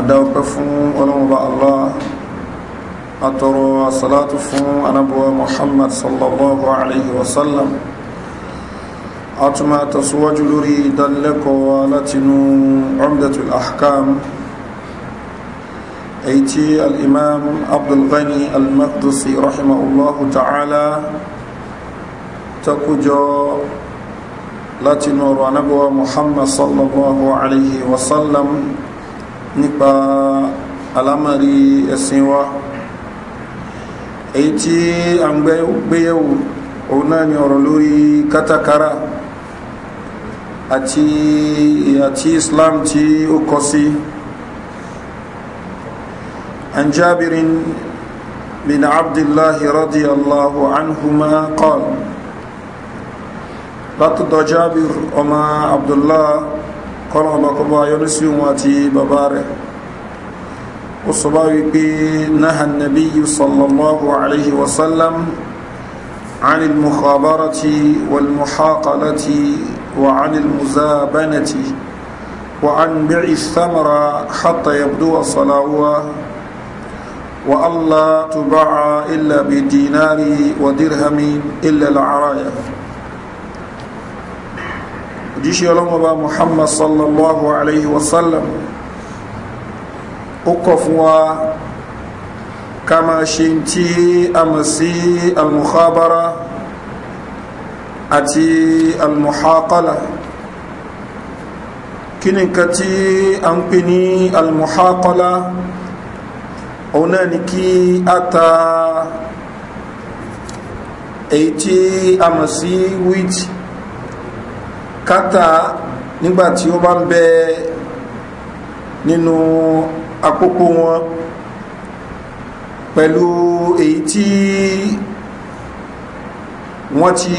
adáwọ̀pẹ́ fún ọlọ́mọba allah atọrọ asalatu fún anabuwa muhammad sallallahu alaihi wasallam atuma tasuwaju lórí ìdánilẹ́kọ̀ọ́ látinú umdatul ahkam èyí tí al'imam abdulghani al-maqdisi rahimahullahu ta'ala takujọ látinú ọ̀rọ̀ anabuwa muhammad sallallahu alaihi wasallam nípa alámọ̀rí ẹ̀sìn wa èyí tí a ń gbéyẹ̀wò òun náà ni ọ̀rọ̀ lórí kátàkárà àti àti islam tí ó kọ sí عن جابر بن عبد الله رضي الله عنهما قال لقد جابر وما عبد الله kọ́nà ọba kó bá yọ́nú sí òun àti bàbá rẹ̀ ó sọ bá wípé náà nàbí sallallahu alayhi wa sallam عن المخابرة والمحاقلة وعن المزابنة وعن بيع الثمرة حتى يبدو صلاوة وألا تباع إلا بدينار ودرهم إلا العراية òjíṣẹ́ ọlọ́mọba muhammad sallallahu alayhi wa sallam ó kọ̀ fún wa ká máa ṣe tí a mọ̀ sí almuhabara àti almuhaqala kí ni nǹkan tí a ń pè ní almuhaqala òun náà ni kí a ta èyí tí a mọ̀ sí wíìtì kátà nígbà tí ó bá ń bẹ nínú àkókò wọn pẹ̀lú èyí tí wọ́n ti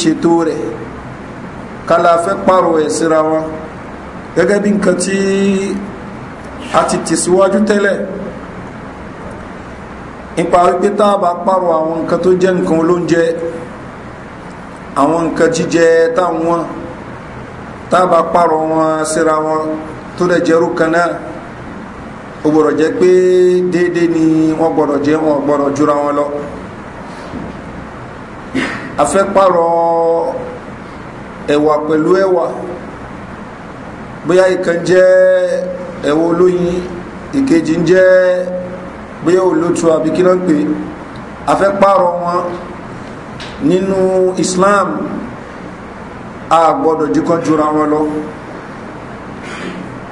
ṣètò rẹ̀ kálá fẹ́ pààrọ̀ ẹ̀ síra wọn gẹ́gẹ́ bí nǹkan tí a ti tẹ̀síwájú tẹ́lẹ̀ nípa wípé tá a bá pààrọ̀ àwọn nǹkan tó jẹ́ nǹkan olóúnjẹ àwọn nǹkan jíjẹ táwọn wọn tábà pààrọ̀ wọn síra wọn tó dẹ̀ jẹ́rú kan náà ó gbọ́dọ̀ pé déédéé ni wọ́n gbọ́dọ̀ jẹ́ wọn gbọ́dọ̀ jura wọn lọ afẹ́ pààrọ̀ ẹ̀wà pẹ̀lú ẹ̀wà bóyá ìkan jẹ́ ẹ̀wà olóyin ìkejì ń jẹ́ bóyá olótu àbí kí náà ń pè afẹ́ pààrọ̀ wọn nínú Islam a gbọ́dọ̀ jíkan jura wọn lọ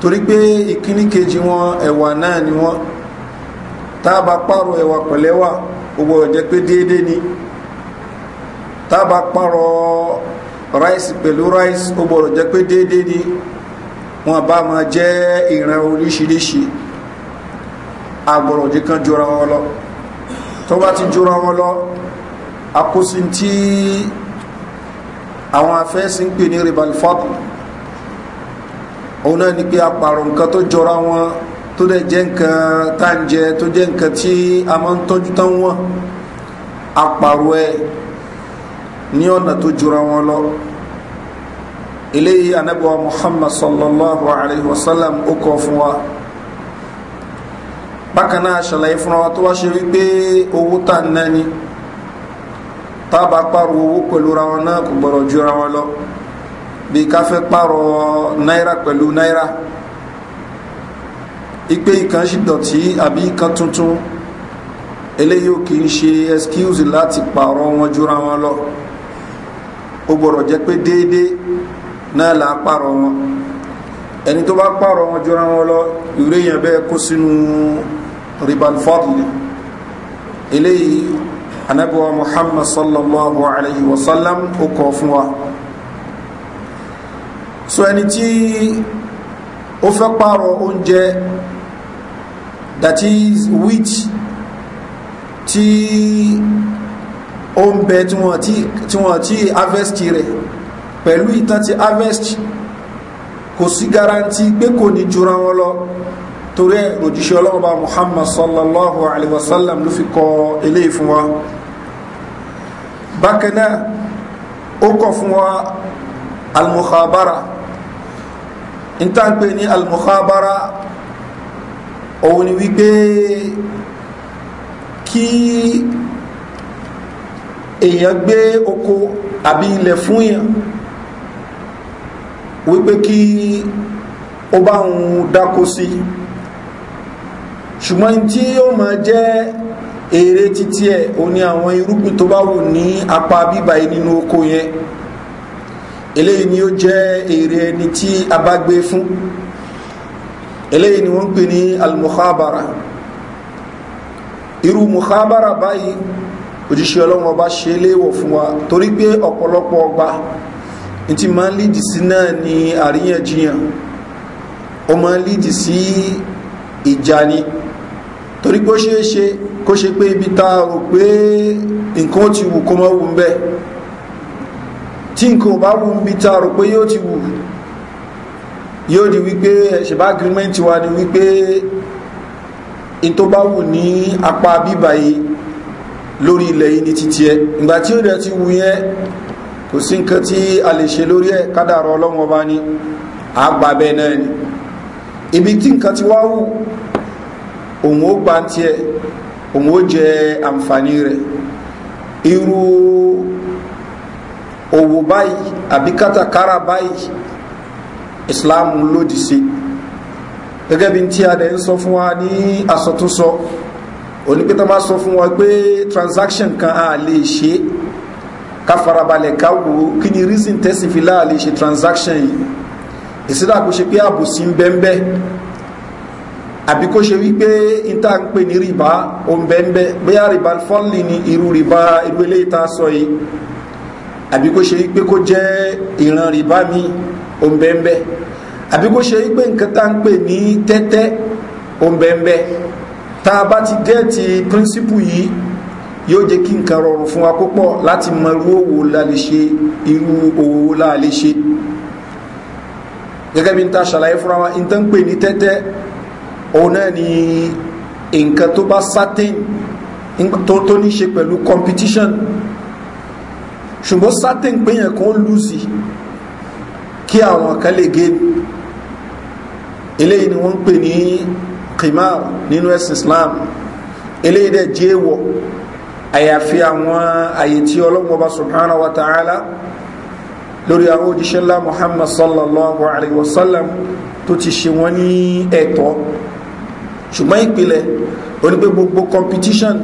torí pé ìkíní kejì wọn ẹ̀wà náà ni wọ́n tá a bá pààrọ̀ ẹ̀wà pẹ̀lẹ́wà ó gbọ́dọ̀ pé déédéé ni tá a bá pààrọ̀ ráìsì pẹ̀lú ráìsì ó gbọ́dọ̀ pé déédéé ni wọn bá máa jẹ́ ìran oríṣiríṣi a gbọ́dọ̀ jíkan jura wọn lọ tó bá ti jura wọn lọ akósí tí àwọn afẹ́sí ń pè ní ribal fadl òun náà ni pé apààrọ̀ nǹkan tó jọra wọn tó dẹ̀ jẹ́ nǹkan tá à ń jẹ tó jẹ́ nǹkan tí a máa ń tọ́jú tán wọn apààrọ̀ ẹ̀ ní ọ̀nà tó jura wọn lọ eléyìí anabiwa muhammad sallallahu alayhi wa sallam ó kọ fún wa bákan náà ṣàlàyé fúnra wa tó wá ṣe wípé owó tá à ń tá a bá pààrọ̀ owó pẹ̀lú ra wọn náà kò gbọ́dọ̀ ju ra wọn lọ bí ká fẹ́ pààrọ̀ náírà pẹ̀lú náírà ipe ìkan sì dọ̀tí àbí ìkan tuntun eléyìí ò kì í ṣe excuse láti pààrọ̀ wọn jura wọn lọ ó gbọ́dọ̀ jẹ́ pé déédéé náà là á pààrọ̀ wọn ẹni tó bá pààrọ̀ wọn jura wọn lọ ìwúrẹ́ yẹn bẹ́ẹ̀ kó sínú ribal fadli eléyìí anabiwa muhammad sallallahu alayhi wa sallam ó kọ fún wa so ẹni tí ó fẹ́ pààrọ̀ oúnjẹ that is wheat tí ó ń bẹ tí wọ́n ti harvest rẹ̀ pẹ̀lú ìtàn ti harvest kò sí garanti pé kò ní jura wọn lọ torí ẹ̀ òjíṣẹ́ ọlọ́wọ́ bá muhammad sallallahu alayhi wa sallam ló fi kọ eléyìí fún wa bákan náà ó kọ̀ fún wa almukhabara ìtànpé ní almukhabara òun ni wípé kí èèyàn gbé oko àbí ilẹ̀ fún yàn wípé kí ó bá ń dákó sí ṣùgbọ́n tí ó máa jẹ́ èrè títí ẹ̀ o ní àwọn irúgbìn tó bá wù ní apá bíbá yìí nínú oko yẹn eléyìí ni ó jẹ́ èrè ẹni tí a bá gbé fún eléyìí ni wọ́n ń pè ní almuhabara irú muhabara báyìí òjíṣẹ́ ọlọ́run ọba ṣe léèwọ̀ fún wa torí pé ọ̀pọ̀lọpọ̀ ọgbà tí máa ń lídì sí náà ni àríyànjiyàn ó máa ń lídì sí ìjà ni. Si torí pé ó ṣeé ṣe kó ṣe pé ibi tá a rò pé nǹkan ó ti wù kó mọ́ wù ń bẹ́ẹ̀ tí nǹkan ò bá wù ń bi tá rò pé yóò ti wù yóò di wípé ṣèbá agreement wa ni wípé n tó bá wù ní apá bíbà yìí lórí ilẹ̀ yìí ní títí ẹ ìgbà tí ó dẹ̀ ti wù yẹn kò sí nǹkan tí a lè ṣe lórí ẹ̀ kádàrọ̀ ọlọ́wọ́n bá ní àgbà bẹ́ẹ̀ náà ni ibi tí nǹkan ti wá wù òun ó gba tiẹ̀ òun ó jẹ àǹfààní rẹ̀ irú òwò báyìí àbí kátàkárà báyìí islam lòdì sí gẹ́gẹ́ bí tí a dẹ̀ ń sọ fún wa ní asọ̀túnsọ onípẹ́tà máa sọ fún wa pé transaction kan a lè ṣe ká farabalẹ̀ ká wo kí ni reason tẹ́sí fi láà lè ṣe transaction yìí ìsílẹ̀ àkóṣe pé àbòsí ń bẹ́ẹ̀ bẹ́ẹ̀ àbí kó ṣe wípé ìta ń pè ní rìbá òǹbẹ̀ǹbẹ̀ bóyá rìbá fọ́ọ̀lì ni irú rìbá irú eléyìí tá a sọ yìí àbí kó ṣe wípé kó jẹ́ ìran rìbá mi òǹbẹ̀ǹbẹ̀ àbí kó ṣe wípé nǹkan tá ń pè ní tẹ́tẹ́ òǹbẹ̀ǹbẹ̀ tá a bá ti gẹ́ẹ̀tì píríncípù yìí yóò jẹ́ kí nǹkan rọrùn fún wa púpọ̀ láti mọ irú òwò la lè ṣe irú òwò la lè ṣe gẹ́gẹ́ bí n ta ṣàlàyé fúnra wa n tán pè ní tẹ́tẹ́ òun náà ni nǹkan tó bá certain tó ní ṣe pẹ̀lú competition ṣùgbọ́n certain pé yẹn kan lùsì kí àwọn kan lè gé eléyìí ni wọ́n ń pè ní qimar nínú ẹ̀sìn Islam eléyìí dẹ̀ jẹ́ èèwọ̀ àyàfi àwọn àyè tí ọlọ́gbọ́n bá subhanahu wa ta'ala lórí àwọn òjíṣẹ́ Muhammad sallallahu alaihi wasallam tó ti ṣe wọ́n ní ẹ̀tọ́ ṣùgbọ́n ìpìlẹ̀ o ní gbogbo competition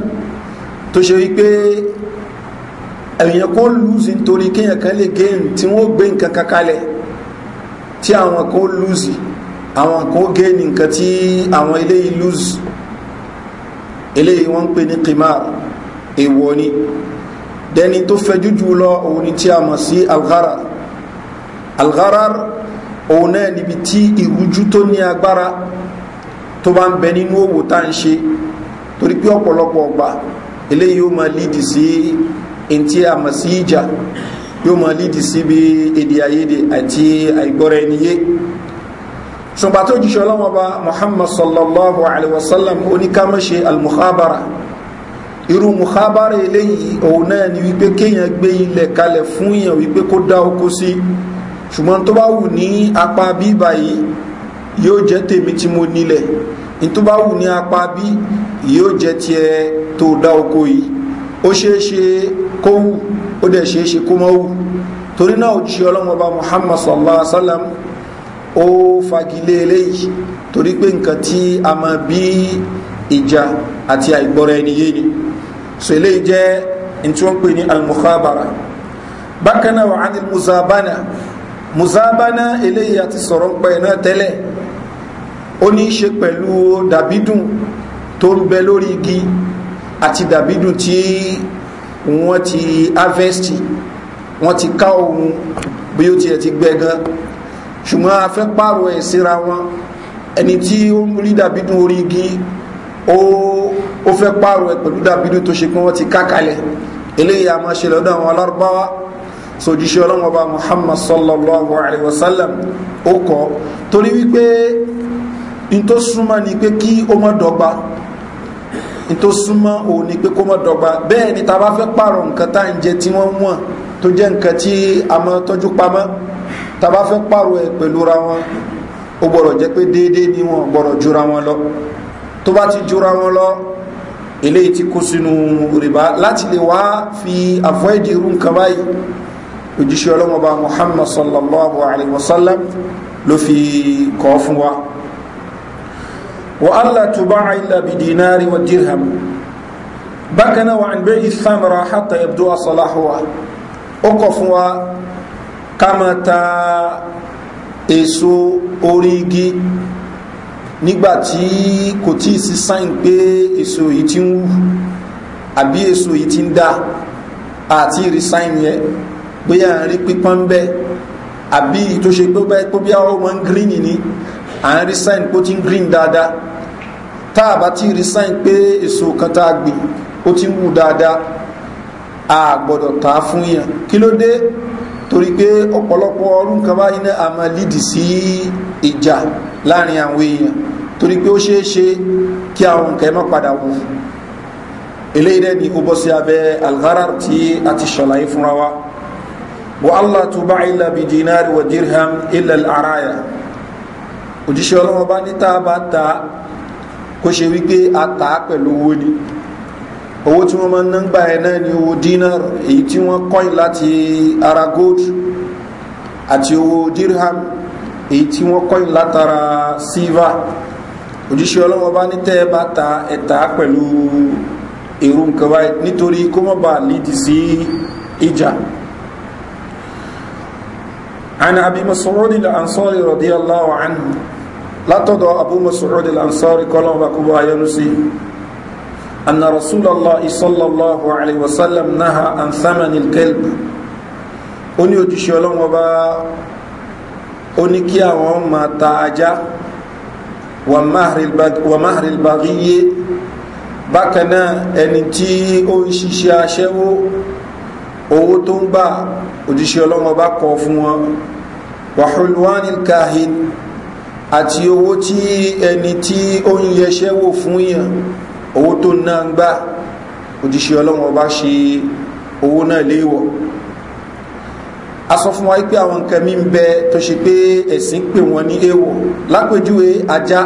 tó ṣe wípé èyàn kó lùzì nítorí kéèyàn kan lè gain tí wọ́n gbé nǹkan kakalẹ̀ tí àwọn kó lùzì àwọn kó gain nǹkan tí àwọn eléyìí lùzì eléyìí wọ́n ń pè ní qimar èèwọ̀ ni dẹni tó fẹ́ jújù lọ òun ni tí a mọ̀ sí algharar algharar òun náà níbi tí ìrújú tó ní agbára tó bá ń bẹ nínú òwò tá ń ṣe torí pé ọ̀pọ̀lọpọ̀ ọgbà eléyìí yóò máa lídì sí ntí àmọ̀ sí ìjà yóò máa lídì sí bí èdè àyèdè àti àìgbọ́ra ẹni yé tó jíṣẹ́ ọlọ́wọ́ bá muhammad sallallahu alaihi wasallam oníkàmọ́ṣe almuhabara irú muhabara eléyìí òun náà ni wípé kéèyàn gbé ilẹ̀ kalẹ̀ fún èèyàn wípé kó dá oko sí ṣùgbọ́n tó bá wù ní apá bíbá yìí yóò jẹ́ tèmi tí mo nílẹ̀ ìtúbáwù ní apá bí yóò jẹ tiẹ tó dá oko yìí ó ṣeéṣe kó wù ó dẹ̀ ṣeéṣe kó mọ́ wù torí náà òjì ọlọ́mọba muhammad sallallahu alaihi wa sallam ó fagilé eléyìí torí pé nǹkan tí a máa bí ìjà àti àìgbọ́ra ẹni yé ni so eléyìí jẹ́ ntí wọ́n pè ní almuhabara bákan náà wà á ní muzabana muzabana eléyìí àti sọ̀rọ̀ ń pẹ́ náà tẹ́lẹ̀ ó ní í ṣe pẹ̀lú dàbídùn tó ń bẹ lórí igi àti dàbídùn tí wọ́n ti harvest wọ́n ti ká ohun bí ó tiẹ̀ ti gbẹ gan ṣùgbọ́n a fẹ́ pààrọ̀ ẹ̀ síra wọn ẹni tí ó ń rí dàbídùn orí igi ó fẹ́ pààrọ̀ ẹ̀ pẹ̀lú dàbídùn tó ṣe pé wọ́n ti ká kalẹ̀ eléyìí a máa ṣe lọ́dọ̀ àwọn alárúbáwá sojúṣe ọlọ́wọ́n muhammad sallallahu alayhi wa sallam ó kọ́ torí wípé in suma súnmọ́ ni pé kí ó mọ́ dọ́gba in tó súnmọ́ òun ni pé kó mọ́ dọ́gba bẹ́ẹ̀ ni ta bá fẹ́ pààrọ̀ nǹkan tá à ń jẹ tí wọ́n wọ̀n tó jẹ́ nǹkan tí a mọ́ tọ́jú pamọ́ ta bá fẹ́ pààrọ̀ ẹ̀ pẹ̀lú ra wọn ó ni wọn gbọ́dọ̀ jura wọn lọ tó bá ti jura wọn lọ eléyìí ti kó sínú rìbá láti lè wá fi avoid irú nǹkan báyìí òjíṣẹ́ ọlọ́mọba muhammad sallallahu alayhi wa sallam ló fi kọ́ fún wa. وألا تباع إلا بدينار والدرهم بكنا وعن بيع الثمرة حتى يبدو صلاحها أقفوا كما تا èso orí igi nígbàtí kò tí ì sí sáìn pé èso yìí ti ń wù àbí èso yìí ti ń dá àti ìrì sáìn yẹn bóyá ń pípọ́n bẹ́ẹ̀ àbí tó pé bóyá ni à ń rí sign pé ó ti ń green dáadáa tá a bá ti rí sign pé èso kan tá a gbìn ó ti ń wù dáadáa a gbọ́dọ̀ tà á fún yàn kí ló dé torí pé ọ̀pọ̀lọpọ̀ ọdún kan báyìí náà a máa lídì sí ìjà láàrin àwọn èèyàn torí pé ó ṣeé ṣe kí àwọn nǹkan ẹ má padà wù eléyìí dẹ́ ni ó bọ́ sí abẹ́ algharar tí a ti ṣàlàyé fúnra wa wa allah tuba illa bi dinari wa dirham illa al-araya òjíṣẹ́ ọlọ́wọ́n bá ní tá a bá ta kó ṣe wípé a tà á pẹ̀lú owó ni owó tí wọ́n máa ń nágbà ẹ̀ náà ni owó dinar èyí tí wọ́n kọ́yìn láti ara gold àti owó dirham èyí tí wọ́n kọ́yìn látara silver òjíṣẹ́ ọlọ́wọ́n bá ní tẹ́ ẹ bá ta ẹ̀ tà á pẹ̀lú èrò nǹkan báyìí nítorí kó má bàa lídì sí ìjà. عن أبي مسعود الأنصاري رضي الله عنه látọ̀dọ̀ abu mas'ud al-ansari kọ́lọ́n bá kúbọ̀ ayọ́nu sí anna rasulallah sallallahu alayhi wa sallam naha an thamani al-kalb ó ní òjíṣẹ́ ọlọ́wọ́ bá ó ní kí àwọn máa ta ajá wa mahril baghiye bákan náà ẹni tí ó ń ṣiṣẹ́ aṣẹ́wó owó tó ń gbà òjíṣẹ́ ọlọ́wọ́ bá kọ fún wọn wa hulwanil kahin àti owó tí ẹni tí ó ń yẹṣẹ́ wò fún yàn owó tó náà ń gbà òjíṣẹ́ ọlọ́run ọba ṣe owó náà léèwọ̀ a sọ fún wa pé àwọn nǹkan mi ń bẹ tó ṣe pé ẹ̀sìn pè wọ́n ní èèwọ̀ lápèjúwe ajá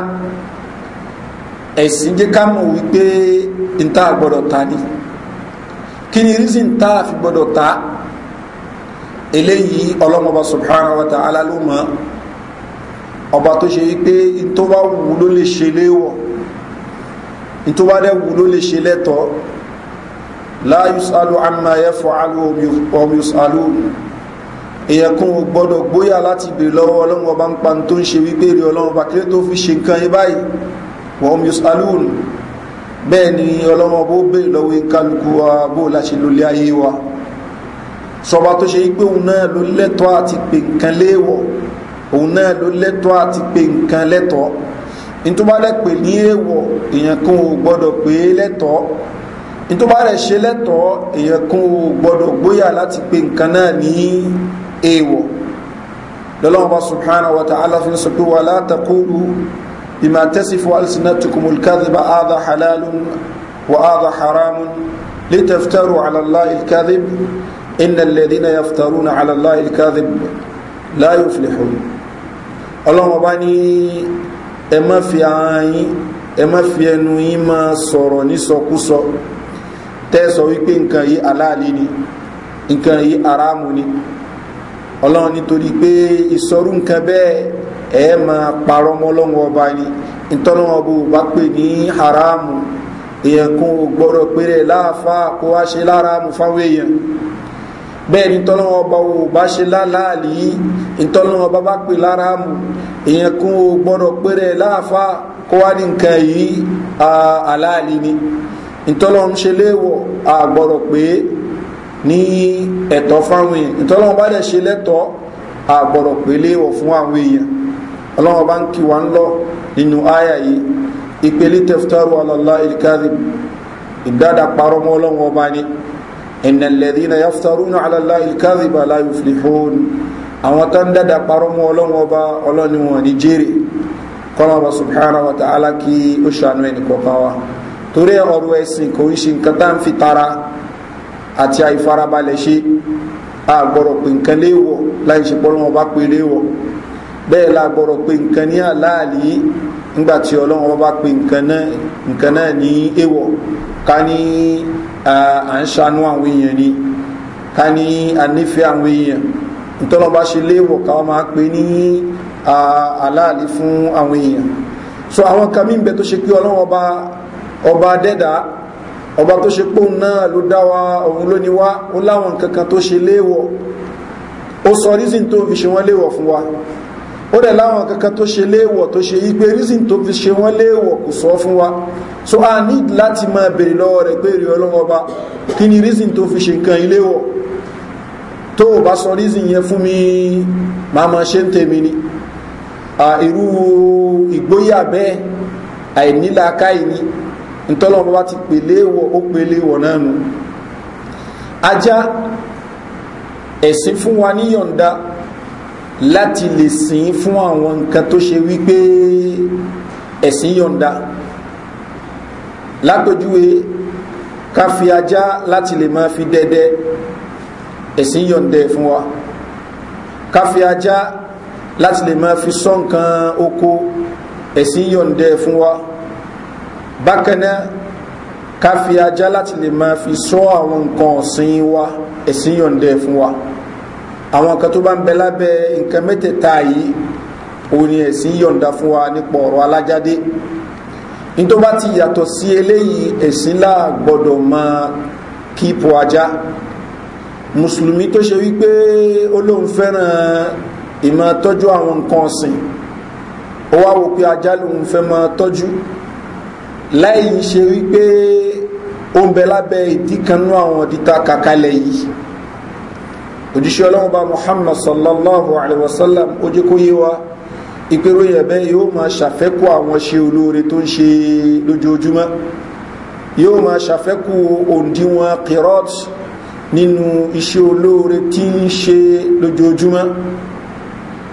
ẹ̀sìn jẹ́ ká mọ̀ wípé níta gbọ́dọ̀ ta ni kí ni rísìn tá fi gbọ́dọ̀ ta eléyìí ọlọ́mọba subhanahu wa ta'ala ló mọ̀ ọ́ ọba tó ṣe wípé tó bá wù ló lè ṣe léwọ̀ tó bá dẹ̀ wù ló lè ṣe lẹ́tọ̀ọ́ láyùsálù àmà ẹ̀fọ́ alú ọmọyùsálù èèyàn kún un gbọ́dọ̀ gbóyà láti bèèrè lọ́wọ́ ọlọ́run ọba ń pa tó ń ṣe wípé èrè ọlọ́run ọba kílé tó fi ṣe nǹkan yí báyìí wọ́n ọmọyùsálù bẹ́ẹ̀ ni ọlọ́run ọba ó lọ́wọ́ ìkálukú wa bó láṣẹ lólé ayé wa sọba tó ṣe wípé òun náà ló àti pè nǹkan léèwọ̀ òun náà ló lẹ́tọ́ àti pé nǹkan lẹ́tọ́ ìtúbálẹ̀ pè ní èèwọ̀ èèyàn kan ò gbọ́dọ̀ pé lẹ́tọ́ ìtúbálẹ̀ ṣe lẹ́tọ́ èèyàn kan ò gbọ́dọ̀ gbóyà láti pé nǹkan náà ní èèwọ̀ lọ́lọ́wọ́ subhanahu wa ta'ala fi sọ pé wà látàkùrù bima tasifu alsinatukum alkadhiba hadha halalun wa hadha haramun litaftaru ala allahi alkadhib inna alladhina yaftaruna ala allahi alkadhib la yuflihun ọlọ́run ọba ní ẹ má fi ahọ́n ẹ má fi ẹnu yín máa sọ̀rọ̀ nísọkúsọ tẹ́ wípé nǹkan yìí ni nǹkan yìí aráàmù ni ọlọ́run nítorí pé ìsọrú nǹkan bẹ́ẹ̀ ẹ máa parọ́ mọ́ ọlọ́run ọba ni ìtọ́lọ́run ọba bẹ́ẹ̀ ni tọ́lọ́wọ́ ọba ò bá ṣe láàlì yìí ìtọ́lọ́wọ́ ọba bá pè lára mù èèyàn kún ó gbọ́dọ̀ péré láàfá kó wá ní nǹkan yìí àláàlì ni ìtọ́lọ́wọ́ ń ṣe léèwọ̀ àgbọ̀rọ̀ pé ní ẹ̀tọ́ fáwọn èèyàn ìtọ́lọ́wọ́ bá dẹ̀ ṣe lẹ́tọ́ àgbọ̀rọ̀ pé léèwọ̀ fún àwọn èèyàn ọlọ́wọ́ bá ń kí wa ń lọ nínú áyà inna alladhina yaftaruna ala allahi alkadhiba la yuflihun àwọn tó ń dada parọ́ mọ́ ọlọ́wọ́n ọba ọlọ́ni wọn ní jèrè kọ́nà ọba subhanahu wa ta'ala kí ó ṣàánú ẹnì kọ̀ọ̀kan wa torí ọ̀rọ̀ ẹ̀sìn kò ń ṣe nǹkan tá à ń fi tara àti àìfarabalẹ̀ ṣe àgbọ̀rọ̀ pé nǹkan léèwọ̀ láì ṣe pọ́ lọ́wọ́ bá pé bẹ́ẹ̀ la pé nǹkan ní àláàlì nígbà tí ọlọ́wọ́ pé nǹkan náà ní èèwọ̀ ká ní à ń ṣàánú àwọn èèyàn ni ká ní anífẹ́ àwọn èèyàn ìtọ́lọ́ba ṣe léèwọ̀ káwọn máa pè ní aláàlí fún àwọn èèyàn so àwọn kan mí bẹ tó ṣe pé ọlọ́wọ́ ọba ọba dẹ́dà ọba tó ṣe pòun náà ló dá wa òun ló ní wá ó láwọn kankan tó ṣe léèwọ̀ ó sọ rízìn tó fi ṣe wọ́n léèwọ̀ fún wa ó dẹ̀ láwọn kankan tó ṣe léèwọ̀ tó ṣe yí pé rízìn tó fi ṣe wọ́n léèwọ̀ kò sọ fún wa so a need láti máa bèrè lọ́wọ́ rẹ̀ pé rí ọlọ́wọ́ bá kí ni reason tó fi ṣe nǹkan ilé wọ̀ tó o bá sọ reason yẹn fún mi máa máa ṣe ń tèmi ni irú ìgbóyà bẹ́ẹ̀ àìnílàákàyè ni ntọ́lọ́wọ́ bá ti pèlé wọ̀ ó pèlé wọ̀ náà nu ajá ẹ̀sìn fún wa níyọ̀ǹda láti lè sìn fún àwọn nǹkan tó ṣe wípé ẹ̀sìn yọ̀ǹda lápèjúwe ká fi ajá láti lè máa fi dẹdẹ ẹ̀sìn yọ̀ǹdẹ fún wa ká fi ajá láti lè máa fi sọ nǹkan oko ẹ̀sìn yọ̀ǹdẹ fún wa bákan náà ká fi ajá láti lè máa fi sọ àwọn nǹkan ọ̀sìn wa ẹ̀sìn yọ̀ǹdẹ fún wa àwọn nǹkan tó bá ń bẹ lábẹ́ nǹkan mẹ́tẹ̀ẹ̀ta yìí òun ni ẹ̀sìn yọ̀ǹda fún wa nípa ọ̀rọ̀ alájáde ní tó bá ti yàtọ̀ sí eléyìí ẹ̀sìn láà gbọ́dọ̀ máa kíìpù ajá mùsùlùmí tó ṣe wípé olóhùn fẹ́ràn ìmọ̀ tọ́jú àwọn nǹkan ọ̀sìn ó wá wo pé ajá lòun fẹ́ máa tọ́jú láì ṣe wípé ó ń bẹ lábẹ́ ìdí kanú àwọn ìdíta kàkálẹ̀ yìí òjíṣẹ́ ọlọ́run bá muhammad sallallahu alaihi wasallam ó jẹ́ kó yé wa ìpérò yẹn bẹ́ẹ̀ yóò máa ṣàfẹ́kù àwọn ṣe olóore tó ń ṣe lójoojúmọ́ yóò máa ṣàfẹ́kù òǹdíwọ̀n kirot nínú iṣẹ́ olóore tí ń ṣe lójoojúmọ́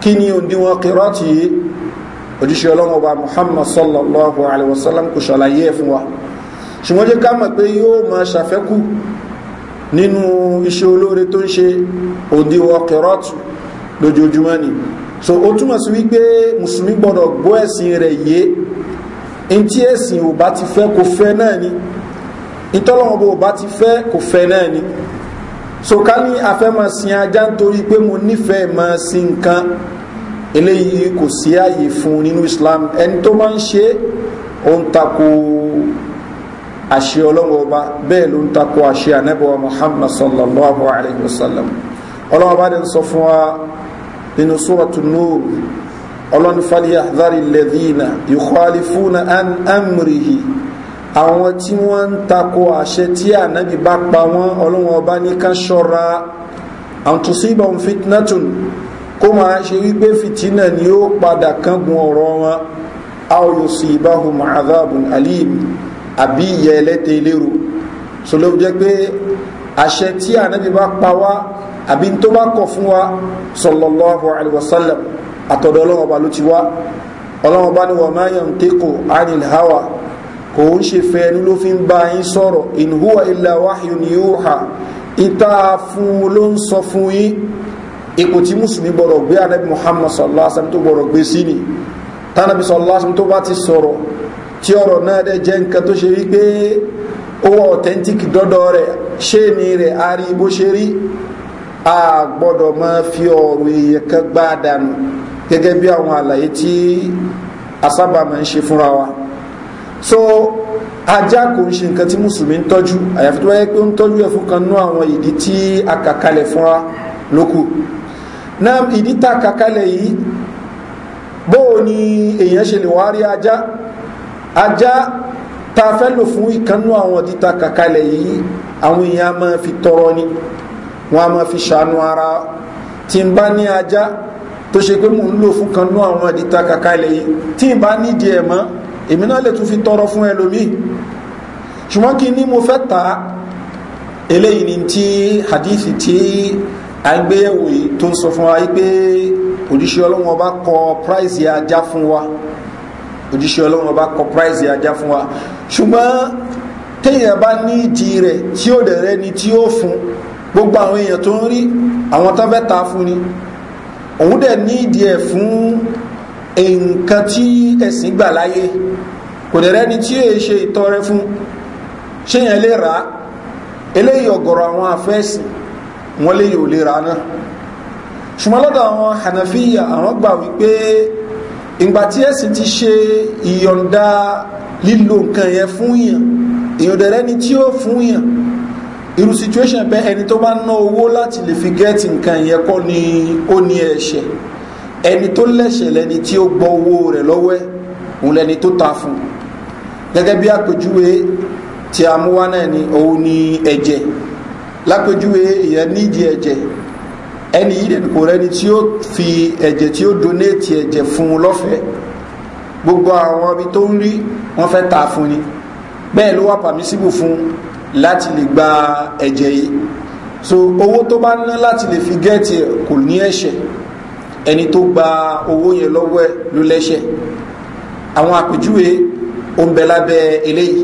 kí ni òǹdíwọ̀n kirot yìí òjíṣẹ́ ọlọ́wọ́ muhammad sallallahu alaihi wasallam kò ṣàlàyé ẹ̀ fún wa ṣùgbọ́n jẹ́ ká mọ̀ pé yóò máa ṣàfẹ́kù nínú iṣẹ́ olóore tó ń ṣe òǹdíwọ̀n kirot lójoojúmọ́ ni so ó túmọ̀ sí wípé mùsùlùmí gbọ́dọ̀ gbọ́ ẹ̀sìn rẹ̀ yé n tí ẹ̀sìn ò bá ti fẹ́ kò fẹ́ náà ni ìtọ́lọ́wọ́n bò bá ti fẹ́ kò fẹ́ náà ni so ká ní afẹ́ ajá nítorí pé mo nífẹ̀ẹ́ máa sin nǹkan eléyìí kò sí ààyè fún nínú Islam ẹni tó máa ń ṣe ó ń tako àṣẹ ọlọ́wọ́ ọba bẹ́ẹ̀ ló ń tako àṣẹ ànẹ́bọ̀ Muhammad sallallahu alayhi wa sallam ọlọ́wọ́ bá dẹ̀ ń sọ fún wa nínú sóràtù nóòrù ọlọ́ni fàlíyà lárí lẹ́dínà ìkọ́alifúnà amúrìhì àwọn tí wọ́n ń takò àṣẹ tí ànábì bá pa wọ́n ọlọ́wọ́n ọba ní ká ṣọ́ra àtúnṣíbọn fitnatun kó máa ṣe wípé fitina ni ó padà kángun ọ̀rọ̀ wọn aoyosi ibahum azabun alim àbí ìyẹ ẹlẹ́tẹ̀ lérò sọlọ́bù jẹ́ pé àṣẹ tí ànábì bá pa wá àbí tó bá kọ̀ fún wa sallallahu alaihi wasallam àtọ̀dọ̀ ọlọ́run ọba ló ti wá ọlọ́run ọba ni wọ́n máa yàn tẹ́kọ̀ anil hawa kò ń ṣe fẹ́ ẹni ló fi ń bá yín sọ̀rọ̀ in huwa illa wahyun yuha ìta fún ló ń sọ fún yín ipò tí mùsùlùmí gbọ́dọ̀ gbé anabi muhammad sallallahu tó gbọ́dọ̀ gbé sí ni tánàbí sallallahu tó bá ti sọ̀rọ̀ tí ọ̀rọ̀ náà dẹ̀ jẹ́ nǹkan tó ṣe wípé ó wà authentic dọ́dọ̀ rẹ̀ ṣé ni rẹ̀ a bó ṣe rí a gbọ́dọ̀ máa fi ọ̀rọ̀ èèyàn kan gbá dànù gẹ́gẹ́ bí àwọn àlàyé tí asábà máa ń ṣe fúnra wa so ajá kò ń ṣe nǹkan tí mùsùlùmí ń tọ́jú àyàfi tó wáyé pé ń tọ́jú ẹ̀ fún kan nú àwọn ìdí tí a kà kalẹ̀ fúnra lókù náà ìdí tá a kà kalẹ̀ yìí bóò ni èèyàn ṣe lè wá ajá ajá tá a fẹ́ lò fún ìkànnú àwọn ìdí tá a kà kalẹ̀ yìí àwọn èèyàn máa fi tọrọ ni wọn a máa fi ṣàánú ara tí n bá ní ajá tó ṣe pé mò ń lò fún kan nú àwọn ìdíta kàkà ilẹ̀ yìí tí n bá nídìí ẹ̀ mọ́ èmi náà lè tún fi tọrọ fún ẹlòmíì ṣùgbọ́n kí ni mo fẹ́ ta eléyìí ni tí hadithi tí a ń gbéyẹ̀wò yìí tó ń sọ fún wa pé òjíṣẹ́ ọlọ́run ọba kọ price ajá fún wa òjíṣẹ́ ọlọ́run ọba kọ price ajá fún wa ṣùgbọ́n téèyàn bá ní ìdí rẹ̀ tí ó dẹ̀ rẹ́ni tí ó fún un gbogbo àwọn èèyàn tó ń rí àwọn tó fẹ́ ta fún ni òun dẹ̀ ní ìdí ẹ̀ fún nǹkan tí ẹ̀sìn gbà láyé kò dẹ̀ rẹ́ni tí èè ṣe ìtọrẹ fún ṣé yẹn lè rà á eléyìí ọ̀gọ̀rọ̀ àwọn afẹ́ẹ̀sì wọn léyìí ò lè rà á náà ṣùgbọ́n lọ́dọ̀ àwọn hànàfíyà àwọn gbà wípé ìgbà tí ẹ̀sìn ti ṣe ìyọ̀ǹda lílo nǹkan yẹn fún yàn èèyàn dẹ̀ rẹ́ni tí ó fún yàn irú situation bẹ́ ẹni tó bá ná owó láti lè fi gẹ́ẹ̀tì nǹkan yẹn kọ́ ni ó ní ẹ̀ṣẹ̀ ẹni tó lẹ́ṣẹ̀ lẹni tí ó gbọ́ owó rẹ̀ lọ́wọ́ ẹ̀ òun lẹni tó ta fún un gẹ́gẹ́ bí àpèjúwe tí a náà ni òun ni ẹ̀jẹ̀ lápèjúwe ìyẹn nídìí ẹ̀jẹ̀ ẹni yìí kò rẹni tí ó fi ẹ̀jẹ̀ tí ó donate ẹ̀jẹ̀ fún un lọ́fẹ̀ẹ́ gbogbo àwọn ibi tó ń rí wọ́n fẹ́ ta fún ni bẹ́ẹ̀ ló wà pàmísìbù fún un láti lè gba ẹ̀jẹ̀ yìí so owó tó bá ná láti lè fi gẹ́ẹ̀tì kò ní ẹ̀ṣẹ̀ ẹni tó gba owó yẹn lọ́wọ́ ẹ̀ ló lẹ́ṣẹ̀ àwọn àpèjúwe ó ń bẹ lábẹ́ eléyìí